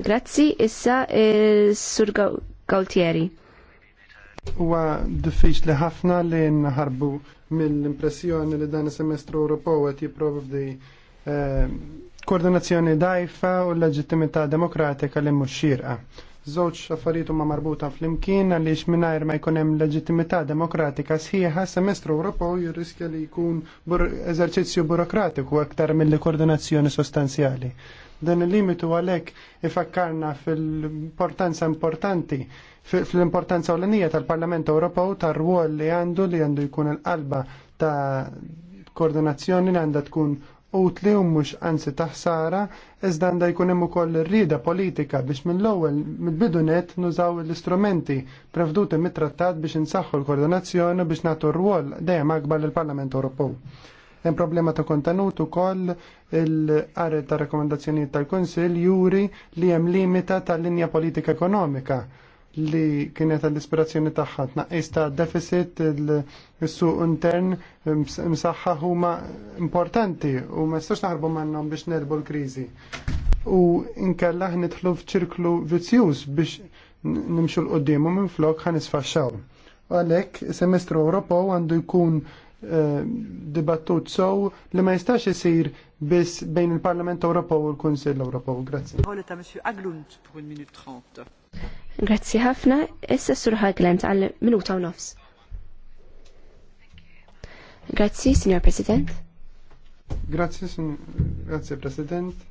Grazzi, issa eh, Sur Gautieri. Huwa diffiċli ħafna li nħarbu mill-impressjoni li dan is-semestru Ewropew qed jipprovdi Eh, koordinazzjoni dajfa u l-leġittimità demokratika li mhux xirqa. Żewġ affarijiet huma marbuta flimkien għaliex mingħajr ma jkun hemm leġittimità demokratika sħiħa semestru Ewropew jirriskja li jkun eżerċizzju burokratiku aktar mill koordinazzjoni sostanzjali. Dan il-limitu għalhekk ifakkarna fil-importanza importanti fil-importanza l-nija tal-Parlament Ewropew tar ruol li għandu li għandu jkun il-qalba ta' koordinazzjoni li għandha tkun utli u mhux anzi taħsara iżda għandha jkun hemm ukoll rrida politika biex mill-ewwel mill-bidu net nużaw l-istrumenti prevduti mit-trattat biex insaħħu l-koordinazzjoni biex nagħtu rwol dejjem akbar il parlament Ewropew. Hemm problema ta' kontenut ukoll il-qari ta' rakkomandazzjonijiet tal-Kunsill juri li hemm limita tal-linja politika ekonomika li kienet l-ispirazzjoni tagħha tnaqqis ta' deficit il-suq intern msaħħa huma importanti u ma nistax naħarbu minnhom biex nerbu l-kriżi. U inkella ħnidħlu f'ċirklu vizzjuż biex nimxu l-qoddim u minn flok ħan ħanisfaxxaw. Għalhekk semestru Ewropew għandu jkun eh, dibattut sow li ma jistax isir biss bejn il-Parlament Ewropew u l-Kunsill Ewropew. Grazzi. Grazzi ħafna, issa Sur Hagland għal minuta u nofs. Grazzi, Signor President. Grazzi, grazie President.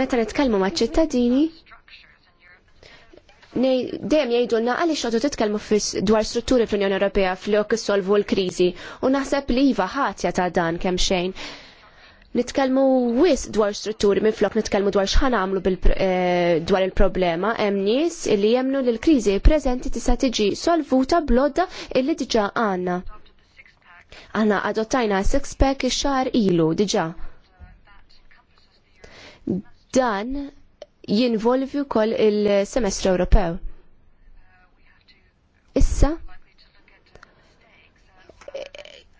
Meta nitkellmu ma' ċittadini, dejjem jgħidulna għaliex għadu titkelmu dwar strutturi fl-Unjoni Ewropea flok solvu l-kriżi u naħseb li iva ħatja ta' dan kemm xejn nitkellmu wis dwar strutturi minn flok nitkellmu dwar x'ħan għamlu eh, dwar il-problema hemm nies li jemnu li l-kriżi preżenti tista' tiġi solvuta blodda illi diġà għandna. Aħna adottajna six pack ix-xahar ilu diġà. Dan jinvolvi wkoll il-semestru Ewropew. Issa,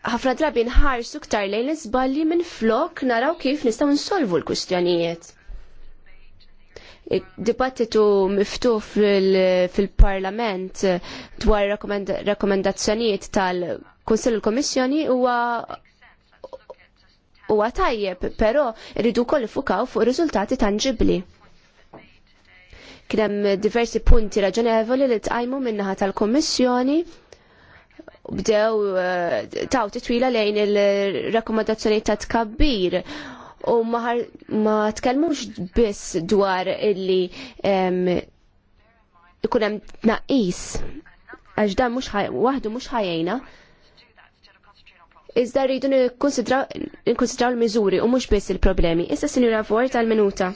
ħafna drabi nħarsu ktar lejn iżballi minn flok naraw kif nistgħu nsolvu l-kwistjonijiet. Dibattitu miftuħ fil-Parlament dwar rakkomendazzjonijiet tal-Kunsill u l-Kommissjoni huwa huwa tajjeb, però rridu koll ifukaw fuq riżultati tanġibli. Kien hemm diversi punti raġonevoli li tqajmu min-naħa tal-Kummissjoni bdew eh, taw titwila lejn il-rakkomandazzjoni ta' tkabbir u ma tkellmux biss dwar illi ikun hemm tnaqqis għax dan mhux waħdu mhux ħajjejna. Iżda rridu nikkonsidraw l-miżuri u mhux biss il-problemi. Issa Sinjura Vort tal minuta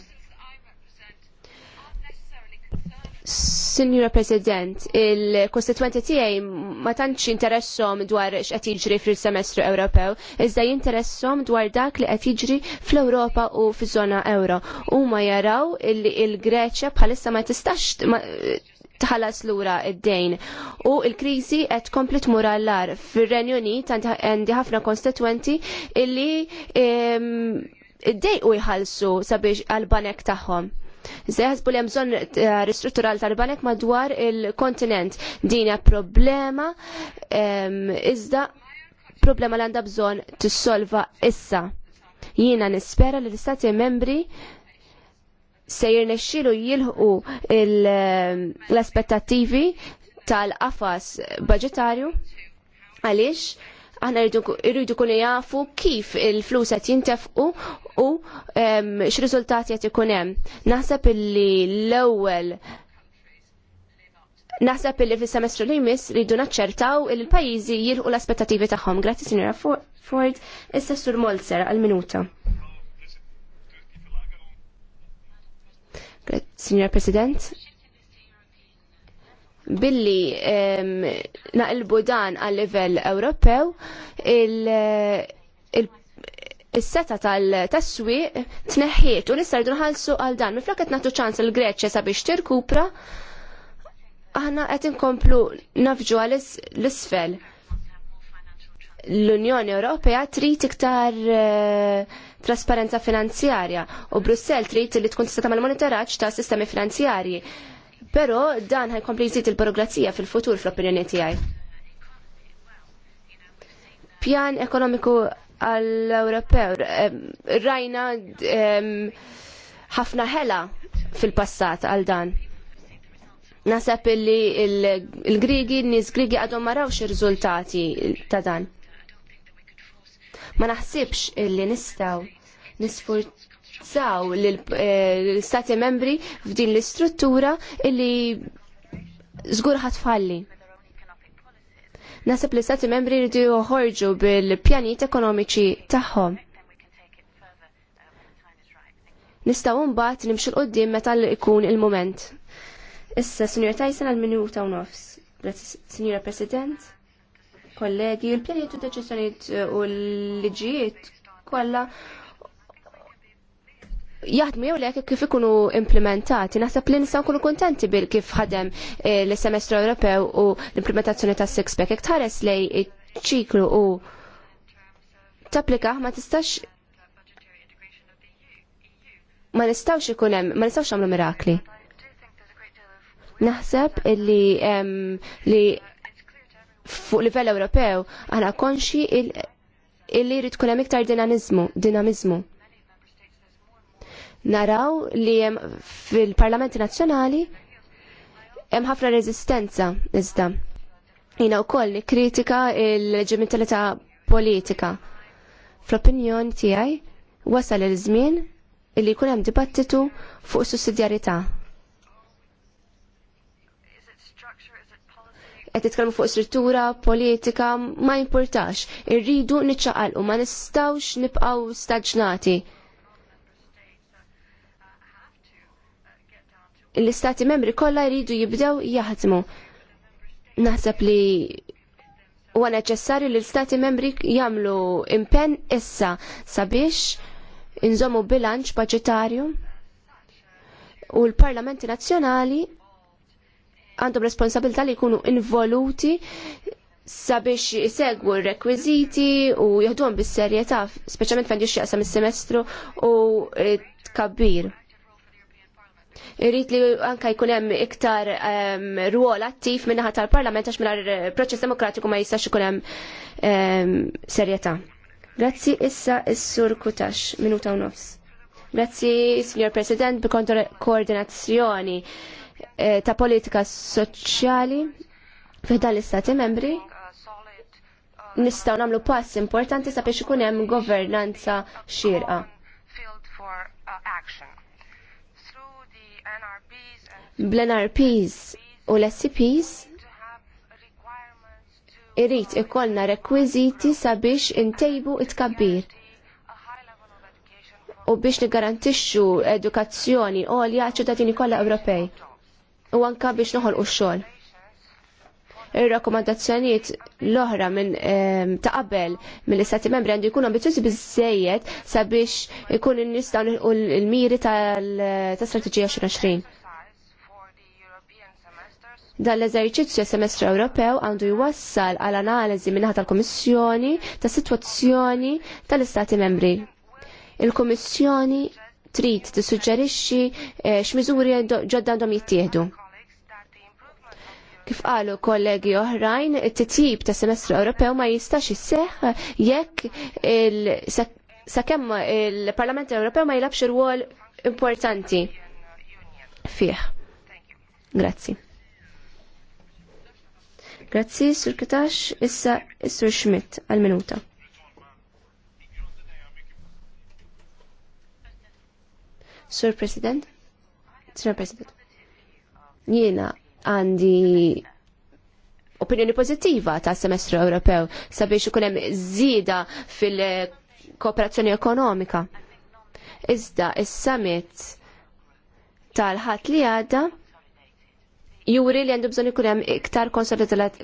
Signora President, il-kostituenti tiegħi ma tantx interessom dwar x'qed jiġri fil-semestru Ewropew, iżda jinteressom dwar dak li qed jiġri fl-Ewropa u fiż-żona euro. Huma jaraw li l-Greċja bħalissa ma tistax tħallas lura id-dejn. U il-krizi qed tkompli tmur għallar. Fir-Renju Unit għandi ħafna konstituenti illi id u jħallsu sabiex għal-banek tagħhom. Se jaħsbu li hemm bżonn eh, tal-banek madwar il-kontinent. Din hija problema iżda problema li għandha bżonn tissolva issa. Jiena nispera li l-istati membri se jirnexxilu jilħu l-aspettativi tal-qafas budgetarju għaliex aħna jridu kunu jafu kif il-flus qed jintefqu u x'riżultati qed ikun hemm. Naħseb illi l-ewwel Naħseb illi fis-semestru li jmiss rridu naċċertaw il pajjiżi jilħu l-aspettativi tagħhom. Grazzi Sinjora Ford, issa Sur Molzer għal-minuta. Signor President, billi um, naqilbu dan għal livell Ewropew il, il Is-seta tal-taswiq tneħħiet u nistar nħallsu għal dan. Minflok qed nagħtu ċans il-Greċja sabiex tirkupra, aħna qed inkomplu nafġu għal l-isfel. L-Unjoni Ewropea trid iktar eh, trasparenza finanzjarja u Brussell trid li tkun tista' tagħmel monitoraġġ ta' sistemi finanzjarji Però dan ħajkompli jżid il-burokrazija fil-futur fl-opinjoni tiegħi. Pjan ekonomiku għall-Ewropew. Rajna ħafna ħela fil-passat għal dan. Nasab illi il-Grigi, n-nis Grigi għadhom marawx ir-riżultati ta' dan. Ma naħsibx illi nistaw nisfurt saw l-stati eh, membri f'din l-istruttura illi zgur ħatfalli. Nasab l-istati membri rridu joħorġu bil-pjanijiet ekonomiċi tagħhom. Nistaw mbagħad nimxu l-qoddim meta ikun il-moment. Issa, Sinjora Tyson għal-minuta u nofs. Sinjora President, kollegi, l pjanijiet u deċiżjonijiet u l-liġijiet kollha jaħdmu jew lek kif ikunu implementati. Naħseb li nistgħu nkunu kuntenti bil kif ħadem eh, l-semestru Ewropew u l-implementazzjoni tas six pack. Jekk tħares lej ċiklu u tapplika ma tistax ma nistawx ikun hemm, ma nistawx nagħmlu mirakli. Naħseb li li fuq livell Ewropew aħna konxi illi jrid tkun hemm iktar dinamizmu, dinamizmu naraw li jem fil-Parlamenti Nazzjonali hemm ħafna rezistenza iżda. Jina wkoll kritika il ġimitalità politika. Fl-opinjoni tiegħi wasal il-żmien illi jkun hemm dibattitu fuq sussidjarità. Qed titkellmu fuq struttura, politika, ma jimpurtax. Irridu niċċaqalqu, ma nistgħux nibqgħu staġnati. l-istati membri kollha jridu jibdew jaħdmu. Naħseb li huwa neċessarju li l-istati membri jagħmlu impenn issa sabiex inżommu bilanċ budgetarju u l-parlamenti nazzjonali għandhom responsabilità li jkunu involuti sabiex jisegwu r-rekwiziti u jihduhom bis-serjetà, speċjalment fejn jixxaqsam is-semestru u tkabbir. Irrit li anka jkun hemm iktar um, ruol attiv minnaħa tal-Parlament għax mingħajr eh, proċess demokratiku ma jistax ikun hemm um, serjetà. Grazzi issa is-Sur Kutax minuta u nofs. Grazzi, Signor President, bi koordinazzjoni eh, ta' politika soċjali fiħdan l-Istati membri nistgħu nagħmlu pass importanti sabiex ikun hemm governanza xirqa bl-NRPs u l-SCPs irrit ikollna rekwiziti sabiex intejbu it-kabbir u biex nigarantixxu edukazzjoni għolja ċittadini kollha Ewropej u anka biex noħolqu x-xogħol. Ir-rakkomandazzjonijiet l-oħra minn ehm, ta' qabel mill-istati membri għandu jkunu ambizjużi biżejjed sabiex ikun nistgħu l-miri tal-Strateġija 2020. Dan l-eżerċizzju semestru Ewropew għandu jwassal għal analiżi minnaħa tal-Kummissjoni ta' sitwazzjoni tal-Istati membri. Il-Kummissjoni trid tissuġġerixxi eh, x'miżuri ġodda għandhom jittieħdu. Kif qalu kollegi oħrajn, it-titjib ta' semestru Ewropew ma jistax isseħħ jekk sakemm il-Parlament Ewropew ma jilabx ir-rwol importanti fih. Grazzi. Grazzi, Sur Kitax, issa Sur Schmidt għal-minuta. Sur President? Sur President? Jiena għandi opinjoni pozittiva ta' semestru Ewropew sabiex ikun hemm żieda fil-kooperazzjoni ekonomika. Iżda is-summit tal-ħadd li għadda juri li għandu bżon ikun hemm iktar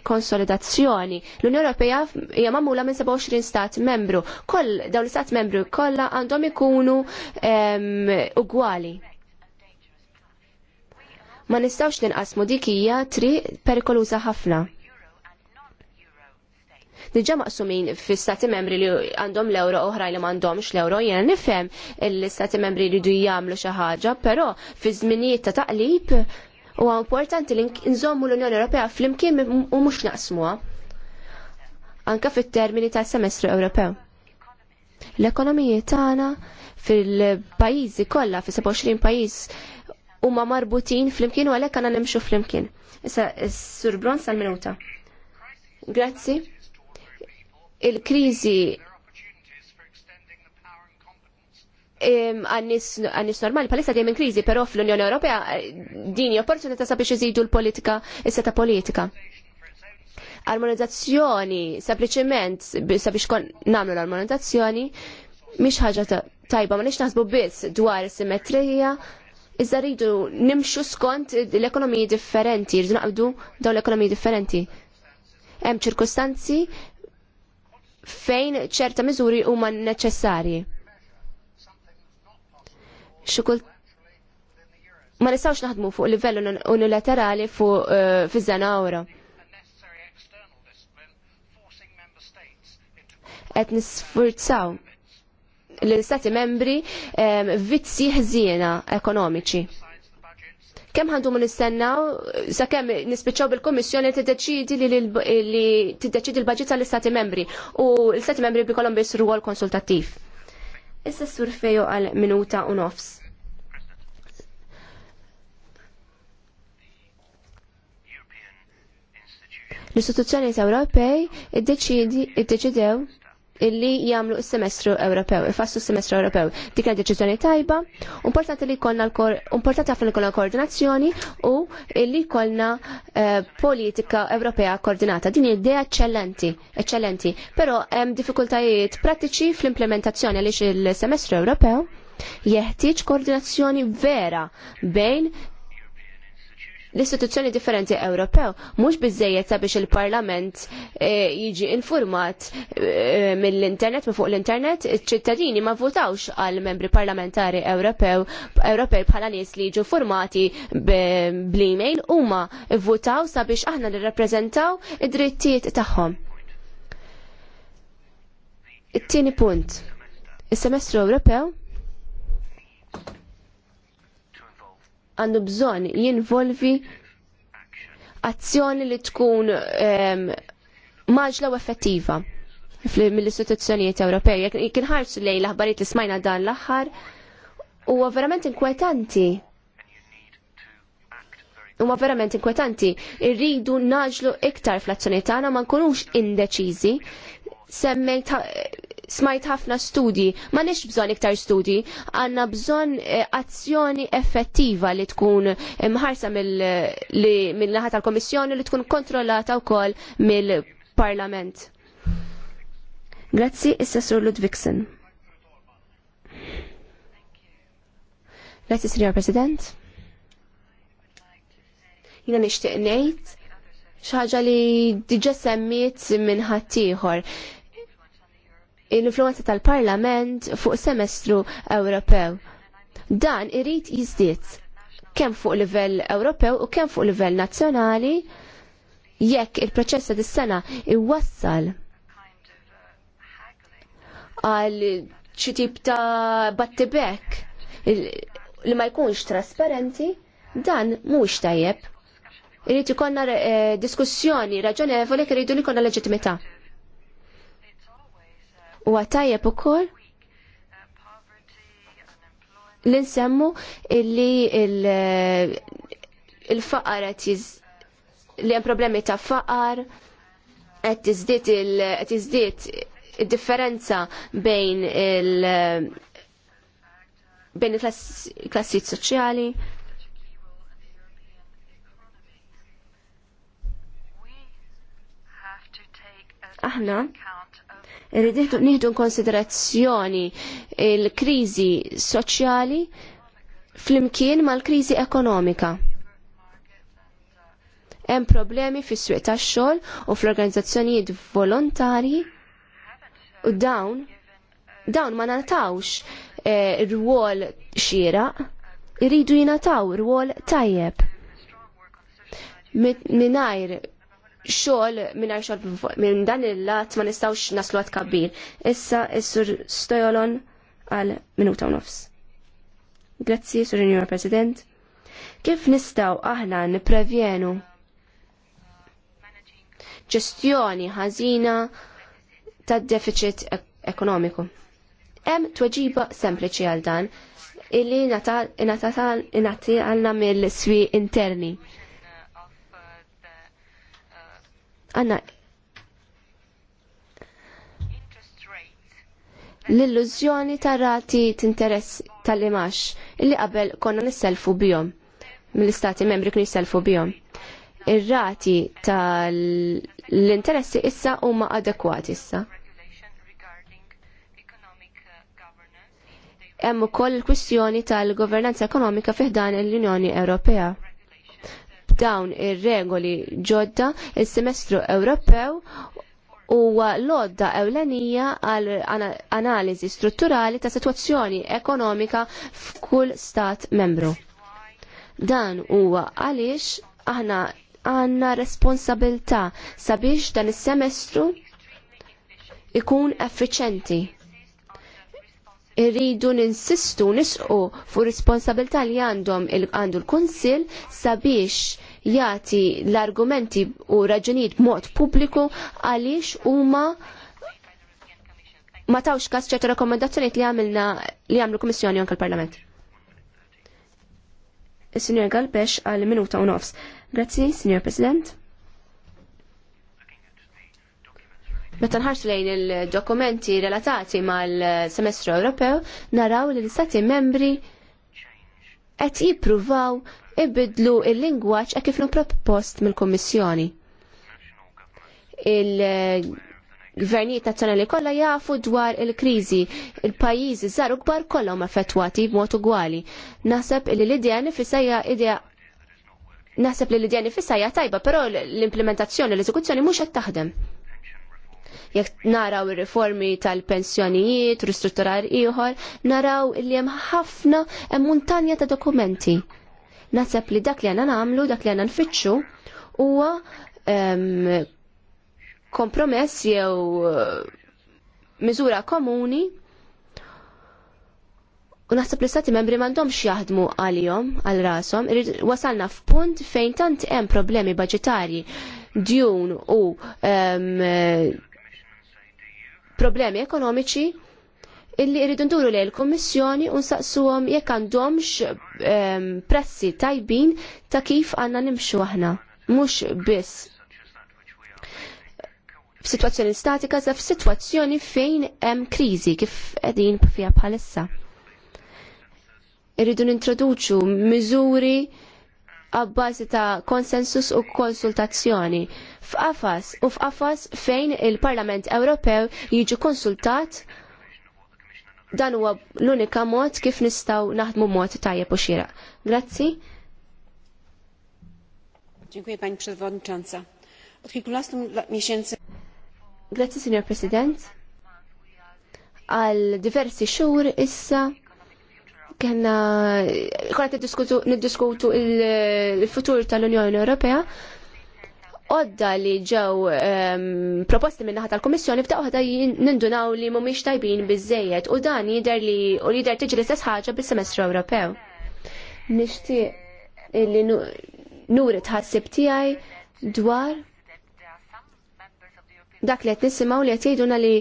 konsolidazzjoni. L-Unjoni Ewropea hija magħmula minn 27 stat membru. Koll dawn l-istat membru kollha għandhom ikunu ugwali. Ma nistawx ninqasmu dik hija triq perikoluża ħafna. Diġa maqsumin fi stati membri li għandhom l-euro oħra li m'għandhomx l-euro, jena nifhem l-stati membri li jridu jagħmlu xi ħaġa, però fi żminijiet ta' taqlib U importanti li nżommu l-Unjoni Ewropea fl-imkien u mhux naqsmuha. Anka fit-termini tas-semestru Ewropew. L-ekonomiji tagħna fil-pajjiżi kollha fi 27 pajjiż huma marbutin fl-imkien u għalhekk għandna nimxu fl-imkien. Issa Sur Bronz minuta Grazzi. Il-kriżi għannis normali palissa dejjem kriżi, però fl-Unjoni Ewropea eh, dini opportunità sabiex iżidu l-politika, is-seta politika. Armonizzazzjoni, sempliċement sabiex kon namlu l-armonizzazzjoni, mhix ħaġa tajba, ma nix naħsbu biss dwar simmetrija, iżda rridu nimxu skont l-ekonomiji differenti, rridu naqbdu dawn l-ekonomiji differenti. Hemm ċirkustanzi fejn ċerta miżuri huma neċessarji xikult ma nistawx naħdmu fuq livell unilaterali fuq eh, fi zanawra. Et Qed nisfurzaw l-istati membri eh, vizzi ħżiena ekonomiċi. Kemm ħandu nistennaw sakemm nispiċċaw bil t tiddeċidi li tiddeċidi l-baġit tal-Istati membri u l-Istati membri bikolhom biss rwol konsultattiv. Issa s-sur fejo għal minuta u nofs. L-istituzzjoni Ewropej iddeċidew illi jagħmlu s-semestru Ewropew, ifassu s-semestru Ewropew. Dik hija deċiżjoni tajba, importanti li l-kor, importanti ħafna li jkollna koordinazzjoni u illi jkollna eh, politika Ewropea koordinata. Din idea eċċellenti, eċċellenti, però hemm diffikultajiet prattiċi fl-implementazzjoni għaliex il-semestru Ewropew jeħtieġ koordinazzjoni vera bejn l-istituzzjoni differenti Ewropew mhux biżejjed sabiex il-Parlament eh, jiġi infurmat eh, mill-internet minn fuq l-internet, iċ-ċittadini ma votawx għal membri parlamentari Ewropew Ewropej bħala nies li jiġu formati bl-email huma votaw sabiex aħna nirrappreżentaw id-drittijiet tagħhom. It-tieni punt. Is-semestru Ewropew għandu bżonn jinvolvi azzjoni li tkun ehm, maġla u effettiva mill-istituzzjonijiet Ewropej. Jekk inħarsu lej l-aħbarijiet li smajna dan l-aħħar huwa verament inkwetanti. Huwa verament inkwetanti. Irridu naġlu iktar fl-azzjoni tagħna ma nkunux indeċiżi semmejt smajt ħafna studji, ma nix bżon iktar studji, għanna bżon eh, azzjoni effettiva li tkun eh, mħarsa mill-laħat tal-Komissjoni li tkun kontrollata u koll mill-Parlament. Grazzi, Assessor Ludvigsen. Grazzi, Sr. President. Jina nishtiq nejt xaġa li diġa semmiet minn ħaddieħor l-influenza tal-Parlament fuq semestru Ewropew. Dan irrit jizdiet kemm fuq livell Ewropew u kemm fuq livell nazzjonali jekk il-proċess ta' sena iwassal għal xi tip ta' battibek li ma jkunx trasparenti, dan mhux tajjeb. Irid ikollna eh, diskussjoni raġonevoli kif iridu li konna leġittimità u għatajjeb ukoll li nsemmu illi il-faqar qed li hemm problemi ta' faqar qed tizdit il qed tiżdied differenza bejn il bejn il-klassijiet soċjali. aħna Irrid nieħdu konsiderazzjoni il-kriżi soċjali flimkien mal-kriżi ekonomika. Hemm problemi fis-swieq tax-xogħol u fl-organizzazzjonijiet volontarji u dawn dawn ma natawx eh, rwol xira, irridu jingħataw rwol tajjeb. Minajr xogħol mingħajr xogħol minn dan il-lat ma nistgħux naslu għat kabbir. Issa s sur Stojolon għal minuta u nofs. Grazzi, Sur Junior President. Kif nistgħu aħna nipprevjenu ġestjoni ħażina tad-deficit ekonomiku? Hemm tweġiba sempliċi għal dan illi natal mill natal interni għanna l-illużjoni ta' rati t-interess tal-imax illi qabel konna nisselfu bihom mill-istati membri kienu jisselfu bihom. Ir-rati tal-interessi issa huma adekwati issa. Hemm ukoll il-kwistjoni tal-governanza ekonomika fiħdan l-Unjoni Ewropea dawn ir-regoli ġodda is-semestru Ewropew huwa lodda ewlenija għal analiżi strutturali ta' sitwazzjoni ekonomika f'kull stat membru. Dan huwa għaliex aħna għandna responsabilità sabiex dan is-semestru ikun effiċenti irridu ninsistu nisqu fuq responsabilità li għandhom għandu l-Kunsill sabiex jagħti l-argumenti u raġunijiet b'mod pubbliku għaliex huma ma tawx każ ċertu rakkomandazzjonijiet li għamilna li għamlu Kummissjoni anke l-Parlament. Is-Sinjor Galpex għal minuta u nofs. Grazzi, Sinjor President. Meta nħarsu lejn il-dokumenti relatati mal-semestru Ewropew, naraw li l-istati membri qed jippruvaw ibidlu il-lingwaġġ hekk kif propost mill-Kummissjoni. Il-gvernijiet nazzjonali kollha jafu dwar il-kriżi, il-pajjiżi żgħar u kbar kollhom affettwati b'mod ugwali. Naħseb li l-idea nifisha hija idea naħseb li l-idea nifisha hija tajba, però l-implementazzjoni l-eżekuzzjoni mhux qed taħdem jekk naraw ir-riformi tal-pensjonijiet, ristrutturar ieħor, naraw il hemm ħafna hemm muntanja ta' dokumenti. Naħseb li dak li għandna nagħmlu, dak li għandna nfittxu huwa ehm, kompromess jew eh, miżura komuni U naħseb li stati membri m'għandhomx jaħdmu għalihom għal rashom, wasalna f'punt fejn tant hemm problemi budgetari djun u um, problemi ekonomiċi illi irridu nduru lejn il-Kummissjoni u nsaqsuhom jekk għandhomx ehm, pressi tajbin ta' kif għandna nimxu aħna. Mhux biss f'sitwazzjoni statika sa f'sitwazzjoni fejn hemm kriżi kif qegħdin fiha bħalissa. Irridu nintroduċu miżuri għabbażi ta' konsensus u konsultazzjoni f'qafas u f'qafas fejn il-Parlament Ewropew jiġi konsultat dan huwa l-unika mod kif nistgħu naħdmu mod tajjeb u xira. Grazzi. Dziękuję Pani Przewodnicząca. Od kilkunastu miesięcy... Grazzi, Signor President. Għal diversi xhur issa kena kena niddiskutu il-futur tal-Unjoni Ewropea odda li ġew ehm, proposti minnaħa tal-Komissjoni f'daq waħda nindunaw li mhumiex tajbin biżejjed u dan jidher li u jidher tiġi l-istess ħaġa bis-semestru Ewropew. Nixtieq li nuri tħassib tiegħi dwar dak li qed nisimgħu li qed jgħiduna li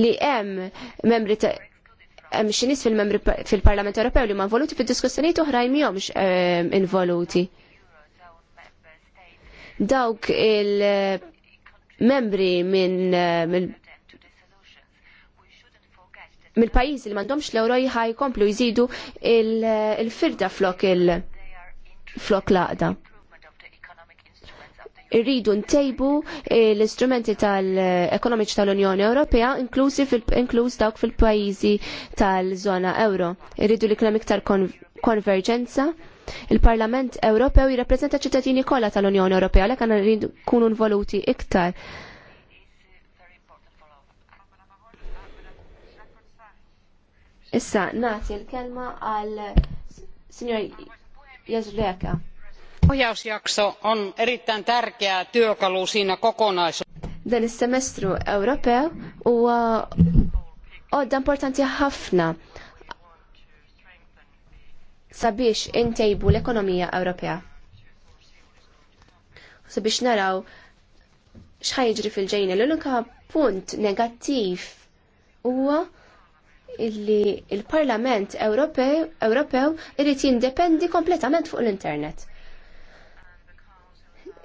li hemm membri ta' hemm xi nies fil-membri fil-Parlament Ewropew li ma involuti fid-diskussjonijiet oħrajn mhomx involuti. Dawk il-membri minn mill-pajjiżi li m'għandhomx l-ewro jħaj jkomplu jżidu il-firda flok il-flok laqda irridu ntejbu eh, l-istrumenti tal-ekonomiċi tal-Unjoni Ewropea inkluż dawk fil-pajjiżi tal-żona euro. Irridu li kien iktar konverġenza il-Parlament Ewropew jirrappreżenta ċittadini kollha tal-Unjoni Ewropea għalhekk għandna rridu nkunu involuti iktar. Issa, nagħti l-kelma għal Signor Jazleka. Ohjausjakso on erittäin tärkeä työkalu siinä kokonaisuudessa. Dan is-semestru Ewropew huwa għodda importanti ħafna sabiex intejbu l-ekonomija Ewropea. Sabiex naraw xħajġri fil-ġejna l-unika punt negattiv huwa illi il-Parlament Ewropew irid jindependi kompletament fuq l-internet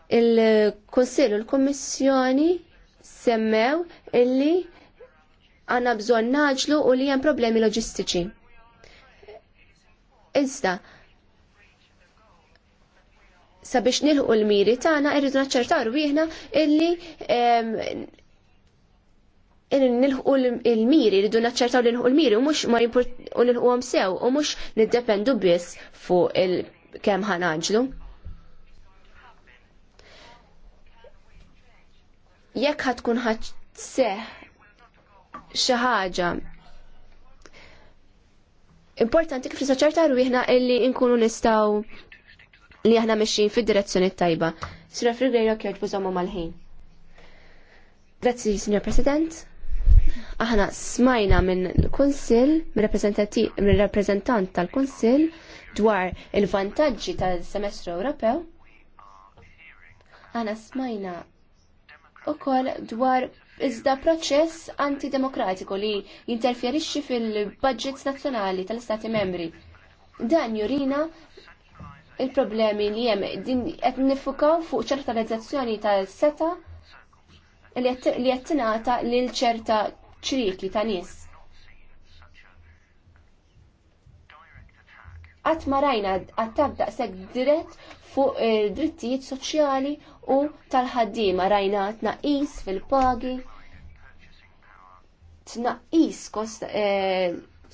il-Konsil u l-Kommissjoni semmew illi għanna bżon naġlu u li hemm problemi loġistiċi. Iżda, sabiex nilħu l-miri tagħna irridu naċċertaw rwieħna illi nilħu l-miri, rridu naċċertaw li nilħu l-miri u mhux ma u nilħu sew u mhux niddependu biss fuq il-kem naġlu. jekk ħatkun ħadd seħ xi ħaġa importanti kif nisaċerta rwieħna illi nkunu nistgħu li aħna mexxin fid-direzzjoni tajba. Sra Frigreja kjerġbu żomma mal-ħin. Grazzi, Signor President. Aħna smajna minn kunsil, minn rappresentant tal-Kunsil dwar il-vantaġġi tal-semestru Ewropew. Aħna smajna kol dwar iżda proċess antidemokratiku li jinterferixxi fil-budgets nazzjonali tal-Istati membri. Dan jurina il-problemi li jem din qed nifukaw fuq realizzazzjoni tal-seta li qed tingħata lil ċerta ċriki ta' nies. Qatt ma rajna tabda daqshekk dirett fuq eh, drittijiet soċjali u tal-ħaddiema rajna tnaqqis fil-pagi, tnaqqis eh,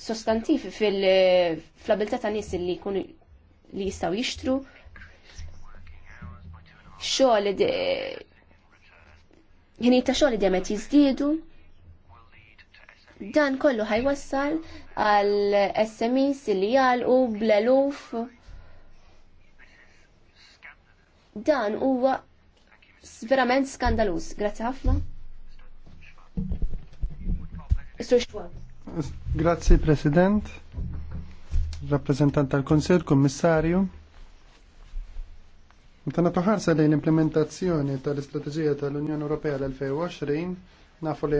sostantivi fil-abilità eh, ta' nies li jkunu li jistgħu jixtru, xogħol ħini ta' xogħol dejjem qed jiżdiedu, Dan kollu ħajwassal għal SMS li jgħalqu bl-eluf. Dan huwa verament skandalus. Grazzi ħafna. Grazzi President, rappresentant tal-Konsil, Kommissarju. Meta nagħtu ħarsa l implementazzjoni tal-Istrateġija tal-Unjoni Ewropea l-2020 Nafu li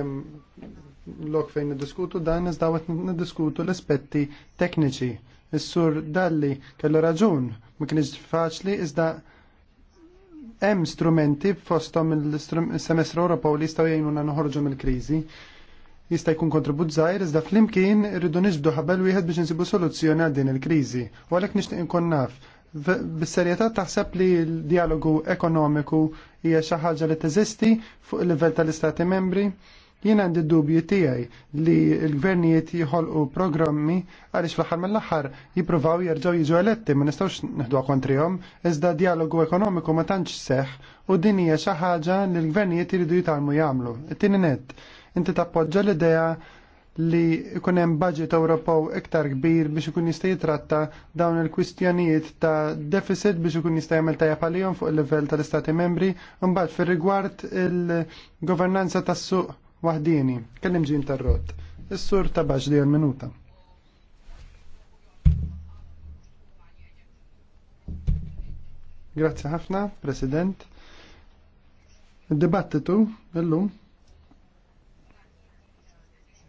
l ok fejn diskutu dan, iżda għet niddiskutu l-aspetti tekniċi. Is-sur dalli kellu raġun, ma kienx faċli, iżda hemm strumenti fostom il-semestru Ewropew li jistgħu jgħinuna noħorġu mill-kriżi. Jista' jkun kontribut żgħir iżda flimkien irridu niġbdu ħabel wieħed biex insibu soluzzjoni għal din il-kriżi. U għalhekk nixtieq inkun naf Bis-serjetà taħseb li l-dialogu ekonomiku hija xi ħaġa li teżisti fuq il-livell tal-Istati membri? jien għandi dubju tiegħi li l-gvernijiet jħolqu programmi għaliex fl-aħħar mill-aħħar jippruvaw jerġgħu jiġu eletti ma nistgħux neħdu kontrihom iżda dialogu ekonomiku ma tantx seħħ u din hija xi ħaġa li l-gvernijiet iridu jitalmu jagħmlu. It-tieni nett, inti tappoġġa l-idea li ikun hemm budget Ewropew iktar kbir biex ikun jista' jitratta dawn il-kwistjonijiet ta' deficit biex ikun jista' jagħmel tajjeb għalihom fuq il-livell tal-Istati Membri imbagħad fir-rigward il-governanza tas-suq waħdini. Kellim ġin tar-rot. Is-sur ta' baġ li minuta. Grazzi ħafna, President. Id-dibattitu illum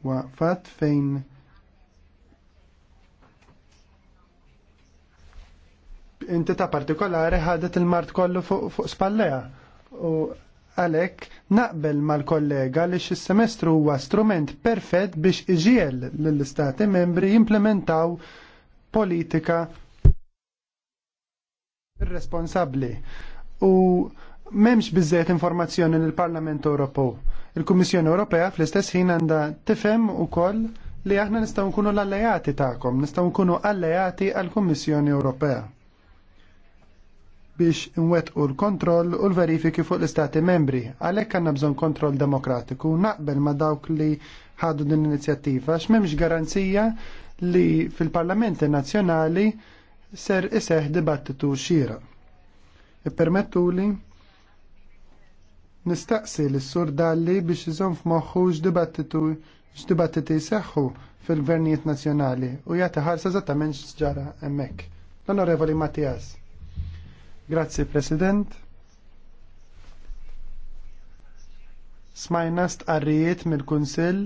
waqfat fejn entità partikolari ħadet il-mart kollu fuq fu spalleja. U għalek naqbel mal-kollega li x-semestru huwa strument perfett biex iġiel l-istati membri jimplementaw politika irresponsabli. U memx bizzejt informazzjoni l-Parlament Ewropew. Il-Kummissjoni Ewropea fl-istess ħin għandha tifhem ukoll li aħna nistgħu nkunu l alleati tagħkom, nistgħu nkunu allejati għall-Kummissjoni Ewropea biex nwettqu l-kontroll u l-verifiki fuq l-Istati membri. Għalhekk għandna bżonn kontroll demokratiku naqbel ma dawk li ħadu din l-inizjattiva x'memx garanzija li fil-Parlamenti Nazzjonali ser iseħ dibattitu xira. li Nistaqsi l sur Dalli biex iżom f'moħħu x'dibattiti seħħu fil-gvernijiet nazzjonali u jagħti ħarsa eżattament x'ġara hemmhekk. L-Onorevoli Mattias. Grazzi President. Smajna stqarrijiet mill-Kunsill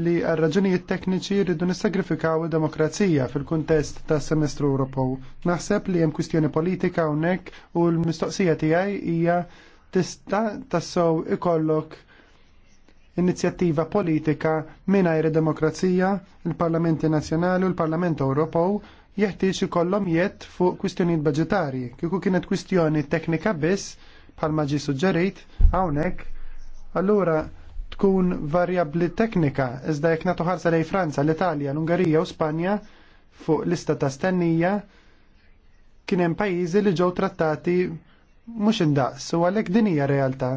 li għal raġunijiet tekniċi rridu nissagrifikaw id-demokrazija fil-kuntest ta' semestru Ewropew. Naħseb li hemm kwistjoni politika hawnhekk u l-mistoqsija tiegħi hija tista' tassew ikollok inizjattiva politika mingħajr demokrazija, il-Parlamenti Nazzjonali u l-Parlament Ewropew jeħtieġ ikollhom jett fuq kwistjonijiet budġetarji. Kieku kienet kwistjoni teknika biss bħalma ġi suġġerit hawnhekk, allura tkun varjabbli teknika iżda jekk nagħtu ħarsa lejn Franza, l-Italja, l-Ungarija u Spanja fuq lista ta' stennija kien hemm pajjiżi li ġew trattati mhux indaqs u għalhekk din hija realtà.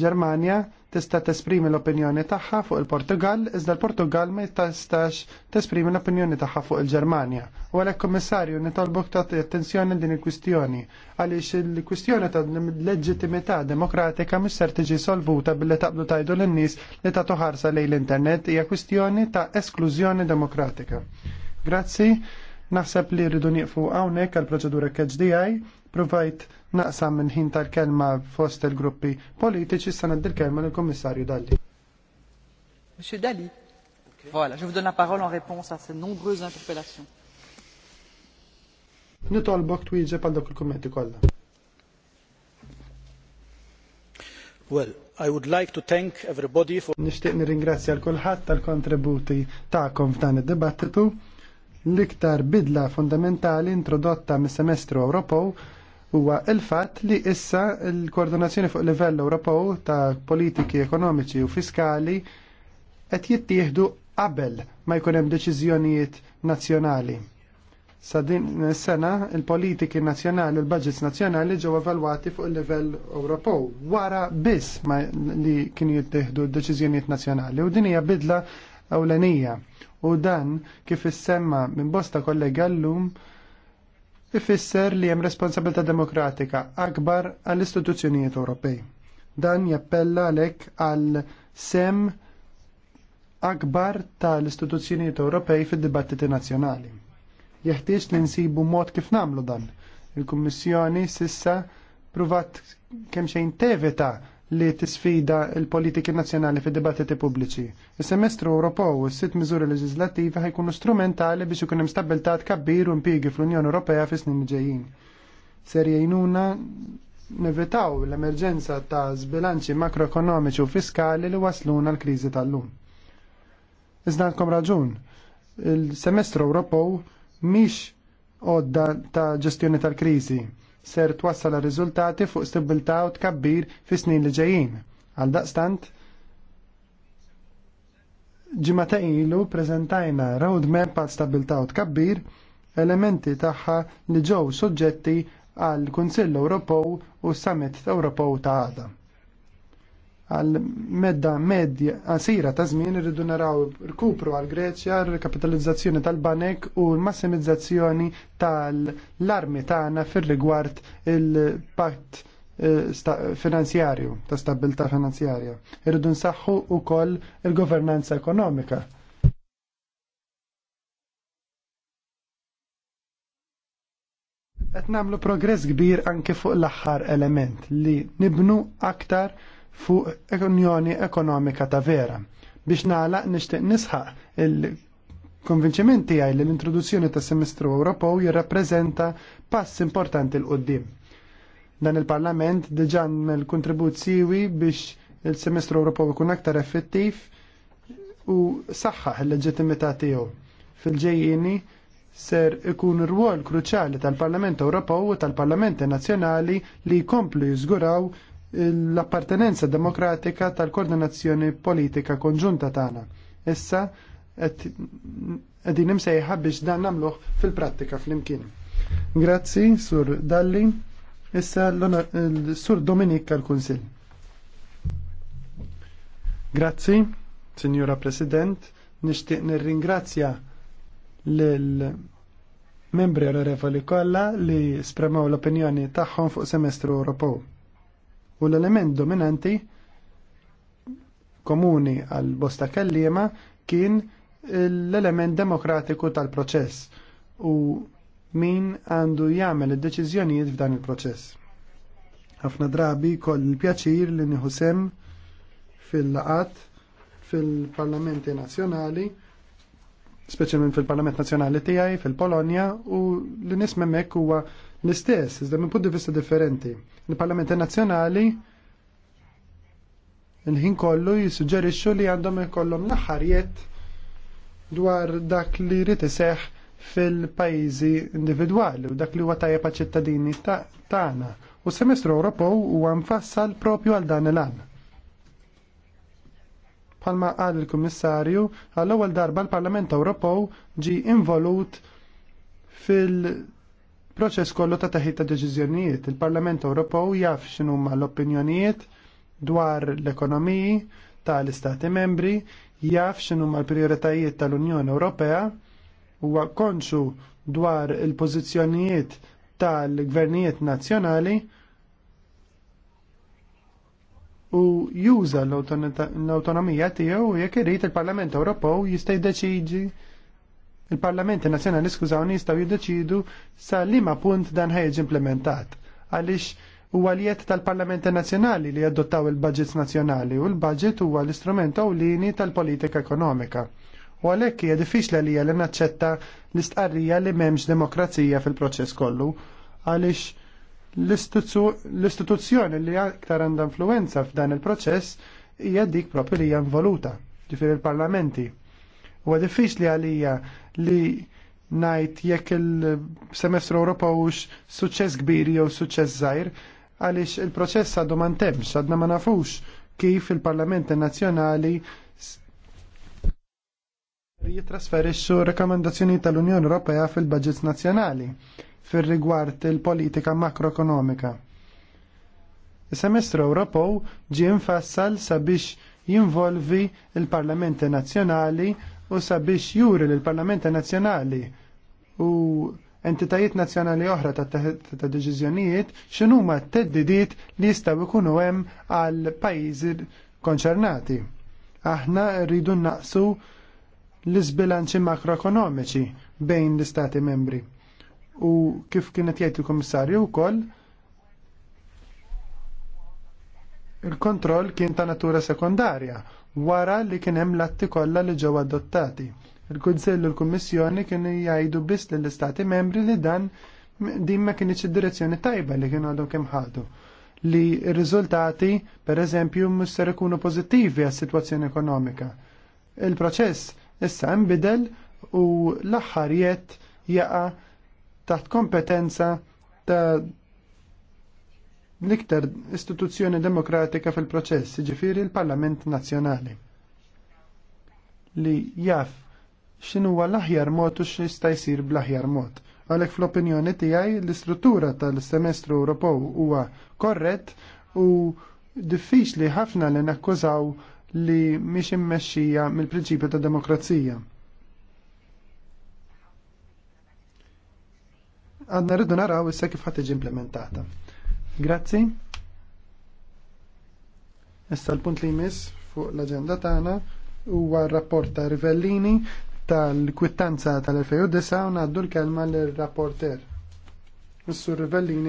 Ġermanja tista' tesprimi l-opinjoni tagħha fuq il-Portugal, iżda l-Portugal ma jistax tesprimi l-opinjoni tagħha fuq il-Ġermanja. U għalhekk kummissarju nitolbu ta' attenzjoni din il-kwistjoni għaliex il-kwistjoni ta' leġittimità demokratika mhux ser tiġi solvuta billi taqblu tajdu lin-nies li ta' toħarsa lejn l-internet hija kwistjoni ta' esklużjoni demokratika. Grazzi, naħseb li rridu nieqfu hawnhekk għall-proċedura KHDI, provajt naqsam minn ħin tal-kelma fost il-gruppi politiċi sa naddi kelma lill komissarju Dalli. Monsieur Dalli. Voilà, je vous donne la parole en réponse à ces nombreuses interpellations. Nitolbok twieġeb għal dak il-kummenti kollha. Well, I would like to thank everybody for Nixtieq nirringrazzja l kulħadd tal-kontributi tagħkom f'dan id-dibattitu. L-iktar bidla fundamentali introdotta mis-semestru Ewropew huwa il-fatt li issa l-koordinazzjoni fuq livell Ewropew ta' politiki ekonomiċi u fiskali qed jittieħdu qabel ma jkun hemm deċiżjonijiet nazzjonali. Sa din is-sena il-politiki nazzjonali u l-budgets nazzjonali ġew evalwati fuq il-livell Ewropew wara biss li kienu jittieħdu deċiżjonijiet nazzjonali u din hija bidla ewlenija u dan kif issemma minn bosta kollega llum ifisser li hemm responsabilità demokratika akbar għall-istituzzjonijiet Ewropej. Dan jappella għalhekk għal sem akbar tal-istituzzjonijiet Ewropej fid-dibattiti nazzjonali. Jeħtieġ li nsibu mod kif nagħmlu dan. Il-Kummissjoni sissa pruvat kemm xejn tevita li tisfida l-politiki nazzjonali fid dibattiti pubbliċi. Is-semestru Ewropew u s-sitt miżuri leġislattivi ħajkunu strumentali biex ikun hemm stabilità tkabbir u impjiegi fl-Unjoni Ewropea fi snin ġejjin. Ser jgħinuna nevitaw l-emerġenza ta' zbilanċi makroekonomiċi u fiskali li wasluna l-kriżi tal-lum. Iżda għandkom raġun, il-semestru Ewropew mhix għodda ta' ġestjoni tal-kriżi ser twassal riżultati fuq stabilità u tkabbir fis snin li ġejjin. Għal daqstant, ġimata ilu prezentajna roadmap għal stabilità u tkabbir, elementi tagħha li ġew suġġetti għal Kunsill Ewropew u Summit Ewropew ta' għada għal medda medja għasira ta' żmien irridu naraw rkupru għal Greċja, rekapitalizzazzjoni tal-banek u l-massimizzazzjoni tal-armi tagħna fir-rigward il-patt eh, finanzjarju, ta' stabilta finanzjarja. Irridu nsaħħu wkoll il-governanza ekonomika. Qed nagħmlu progress kbir anke fuq l-aħħar element li nibnu aktar fuq unjoni ekonomika ta' vera. Biex nagħlaq nishtiq nisħaq il-konvinċiment tiegħi li l-introduzzjoni ta' semestru Ewropew jirrappreżenta pass importanti l-qoddim. Dan il-Parlament diġan mel kontribut siwi biex il-semestru Ewropew ikun aktar effettiv u saħħaħ il-leġittimità tiegħu. fil ġejjini ser ikun rwol kruċjali tal-Parlament Ewropew u tal-Parlamenti Nazzjonali li jkomplu jiżguraw l-appartenenza demokratika tal-koordinazzjoni politika konġunta tagħna. Issa qegħdin imsejħa biex dan nagħmluh fil-prattika flimkien. Grazzi, Sur Dalli. Issa l-Sur Dominik għal-Kunsill. Grazzi, Signora President, nixtieq nirringrazzja lil membri onorevoli kollha li spremaw l-opinjoni tagħhom fuq semestru Ewropew U l-element dominanti komuni għal bosta kellima kien l-element demokratiku tal-proċess u min għandu jagħmel id-deċiżjonijiet f'dan il-proċess. Ħafna drabi koll il-pjaċir li nieħu fil-laqat fil-parlamenti nazzjonali, speċjalment fil-Parlament Nazzjonali tiegħi fil-Polonja u li nismemmek huwa l-istess, iżda minn punt di vista differenti. Il-Parlament Nazzjonali il-ħin kollu jissuġġerixxu li għandhom ikollhom l-aħħarijiet dwar dak li jrid iseħħ fil-pajjiżi individwali u dak li huwa tajjeb għaċ-ċittadini tagħna. U semestru Ewropew huwa mfassal propju għal dan il-għan. Palma qal il-Kummissarju, għall-ewwel darba l-Parlament Ewropew ġi involut fil- proċess kollu ta' taħita ta' deċiżjonijiet. Il-Parlament Ewropew jaf x'inhuma l-opinjonijiet dwar l-ekonomiji tal-Istati membri, jaf x'inhuma l-prijoritajiet tal-Unjoni Ewropea, huwa konxu dwar il-pożizzjonijiet tal-gvernijiet nazzjonali u juża l-autonomija tiegħu jekk irid il-Parlament Ewropew jista' jiddeċiedi Il-Parlamenti Nazzjonali skużaw nistgħu jiddeċidu sa liema punt dan ħejġ implementat għaliex huwa liet tal-Parlamenti Nazzjonali li jaddottaw il-budgets nazzjonali u l-budget huwa l-istrument ewlieni tal-politika ekonomika. U għalhekk hija diffiċli għalija li naċċetta l-istqarrija li m'hemmx demokrazija fil-proċess kollu għaliex l-istituzzjoni li aktar għandha influenza f'dan il-proċess hija dik propri li hija involuta, ġifier il-parlamenti. Huwa diffiċli għalija li najt jekk il-semestru Ewropa hux suċċess kbir jew suċċess żgħir għaliex il-proċess għadu ma ntemx, għadna ma nafux kif il-Parlament Nazzjonali jitrasferixxu rekomendazzjoni tal-Unjoni Ewropea fil-budgets nazzjonali fir-rigward il-politika makroekonomika. Is-semestru Ewropew ġie infassal sabiex jinvolvi il-Parlamenti Nazzjonali u sabiex juri l parlamenta Nazzjonali u entitajiet nazzjonali oħra ta' deċiżjonijiet x'inhuma t-teddidiet li jistgħu jkunu hemm għal pajjiżi konċernati. Aħna rridu naqsu l-isbilanċi makroekonomiċi bejn l-istati membri. U kif kienet jgħid il-Kummissarju wkoll, il-kontroll kien ta' natura sekondarja wara li kien hemm l-atti kollha li ġew adottati. Il-Kunsill u l-Kummissjoni kienu jgħidu biss lill istati membri li dan din ma kienx id-direzzjoni tajba li kienu għadhom kemm ħadu li r-riżultati, pereżempju, mhux ser ikunu pożittivi għas-sitwazzjoni ekonomika. Il-proċess issa nbidel u l-aħħar jett jaqa' taħt kompetenza ta' l-iktar istituzzjoni demokratika fil-proċess, ġifiri l-Parlament Nazzjonali, li jaf x'inhuwa l-aħjar mod u x'jista' jsir bl-aħjar mod. Għalhekk fl-opinjoni tiegħi l-istruttura tal-semestru Ewropew huwa korrett u diffiċli ħafna li nakkużaw li mhix immexxija mill-prinċipju ta' demokrazija. Għadna rridu naraw issa kif ħadd implementata. Grazzi. Issa l-punt li jmiss fuq l-agenda tagħna huwa r-rapport ta' Rivellini tal-kwittanza tal-2009 u ngħaddu l-kelma l rapporter is Rivellini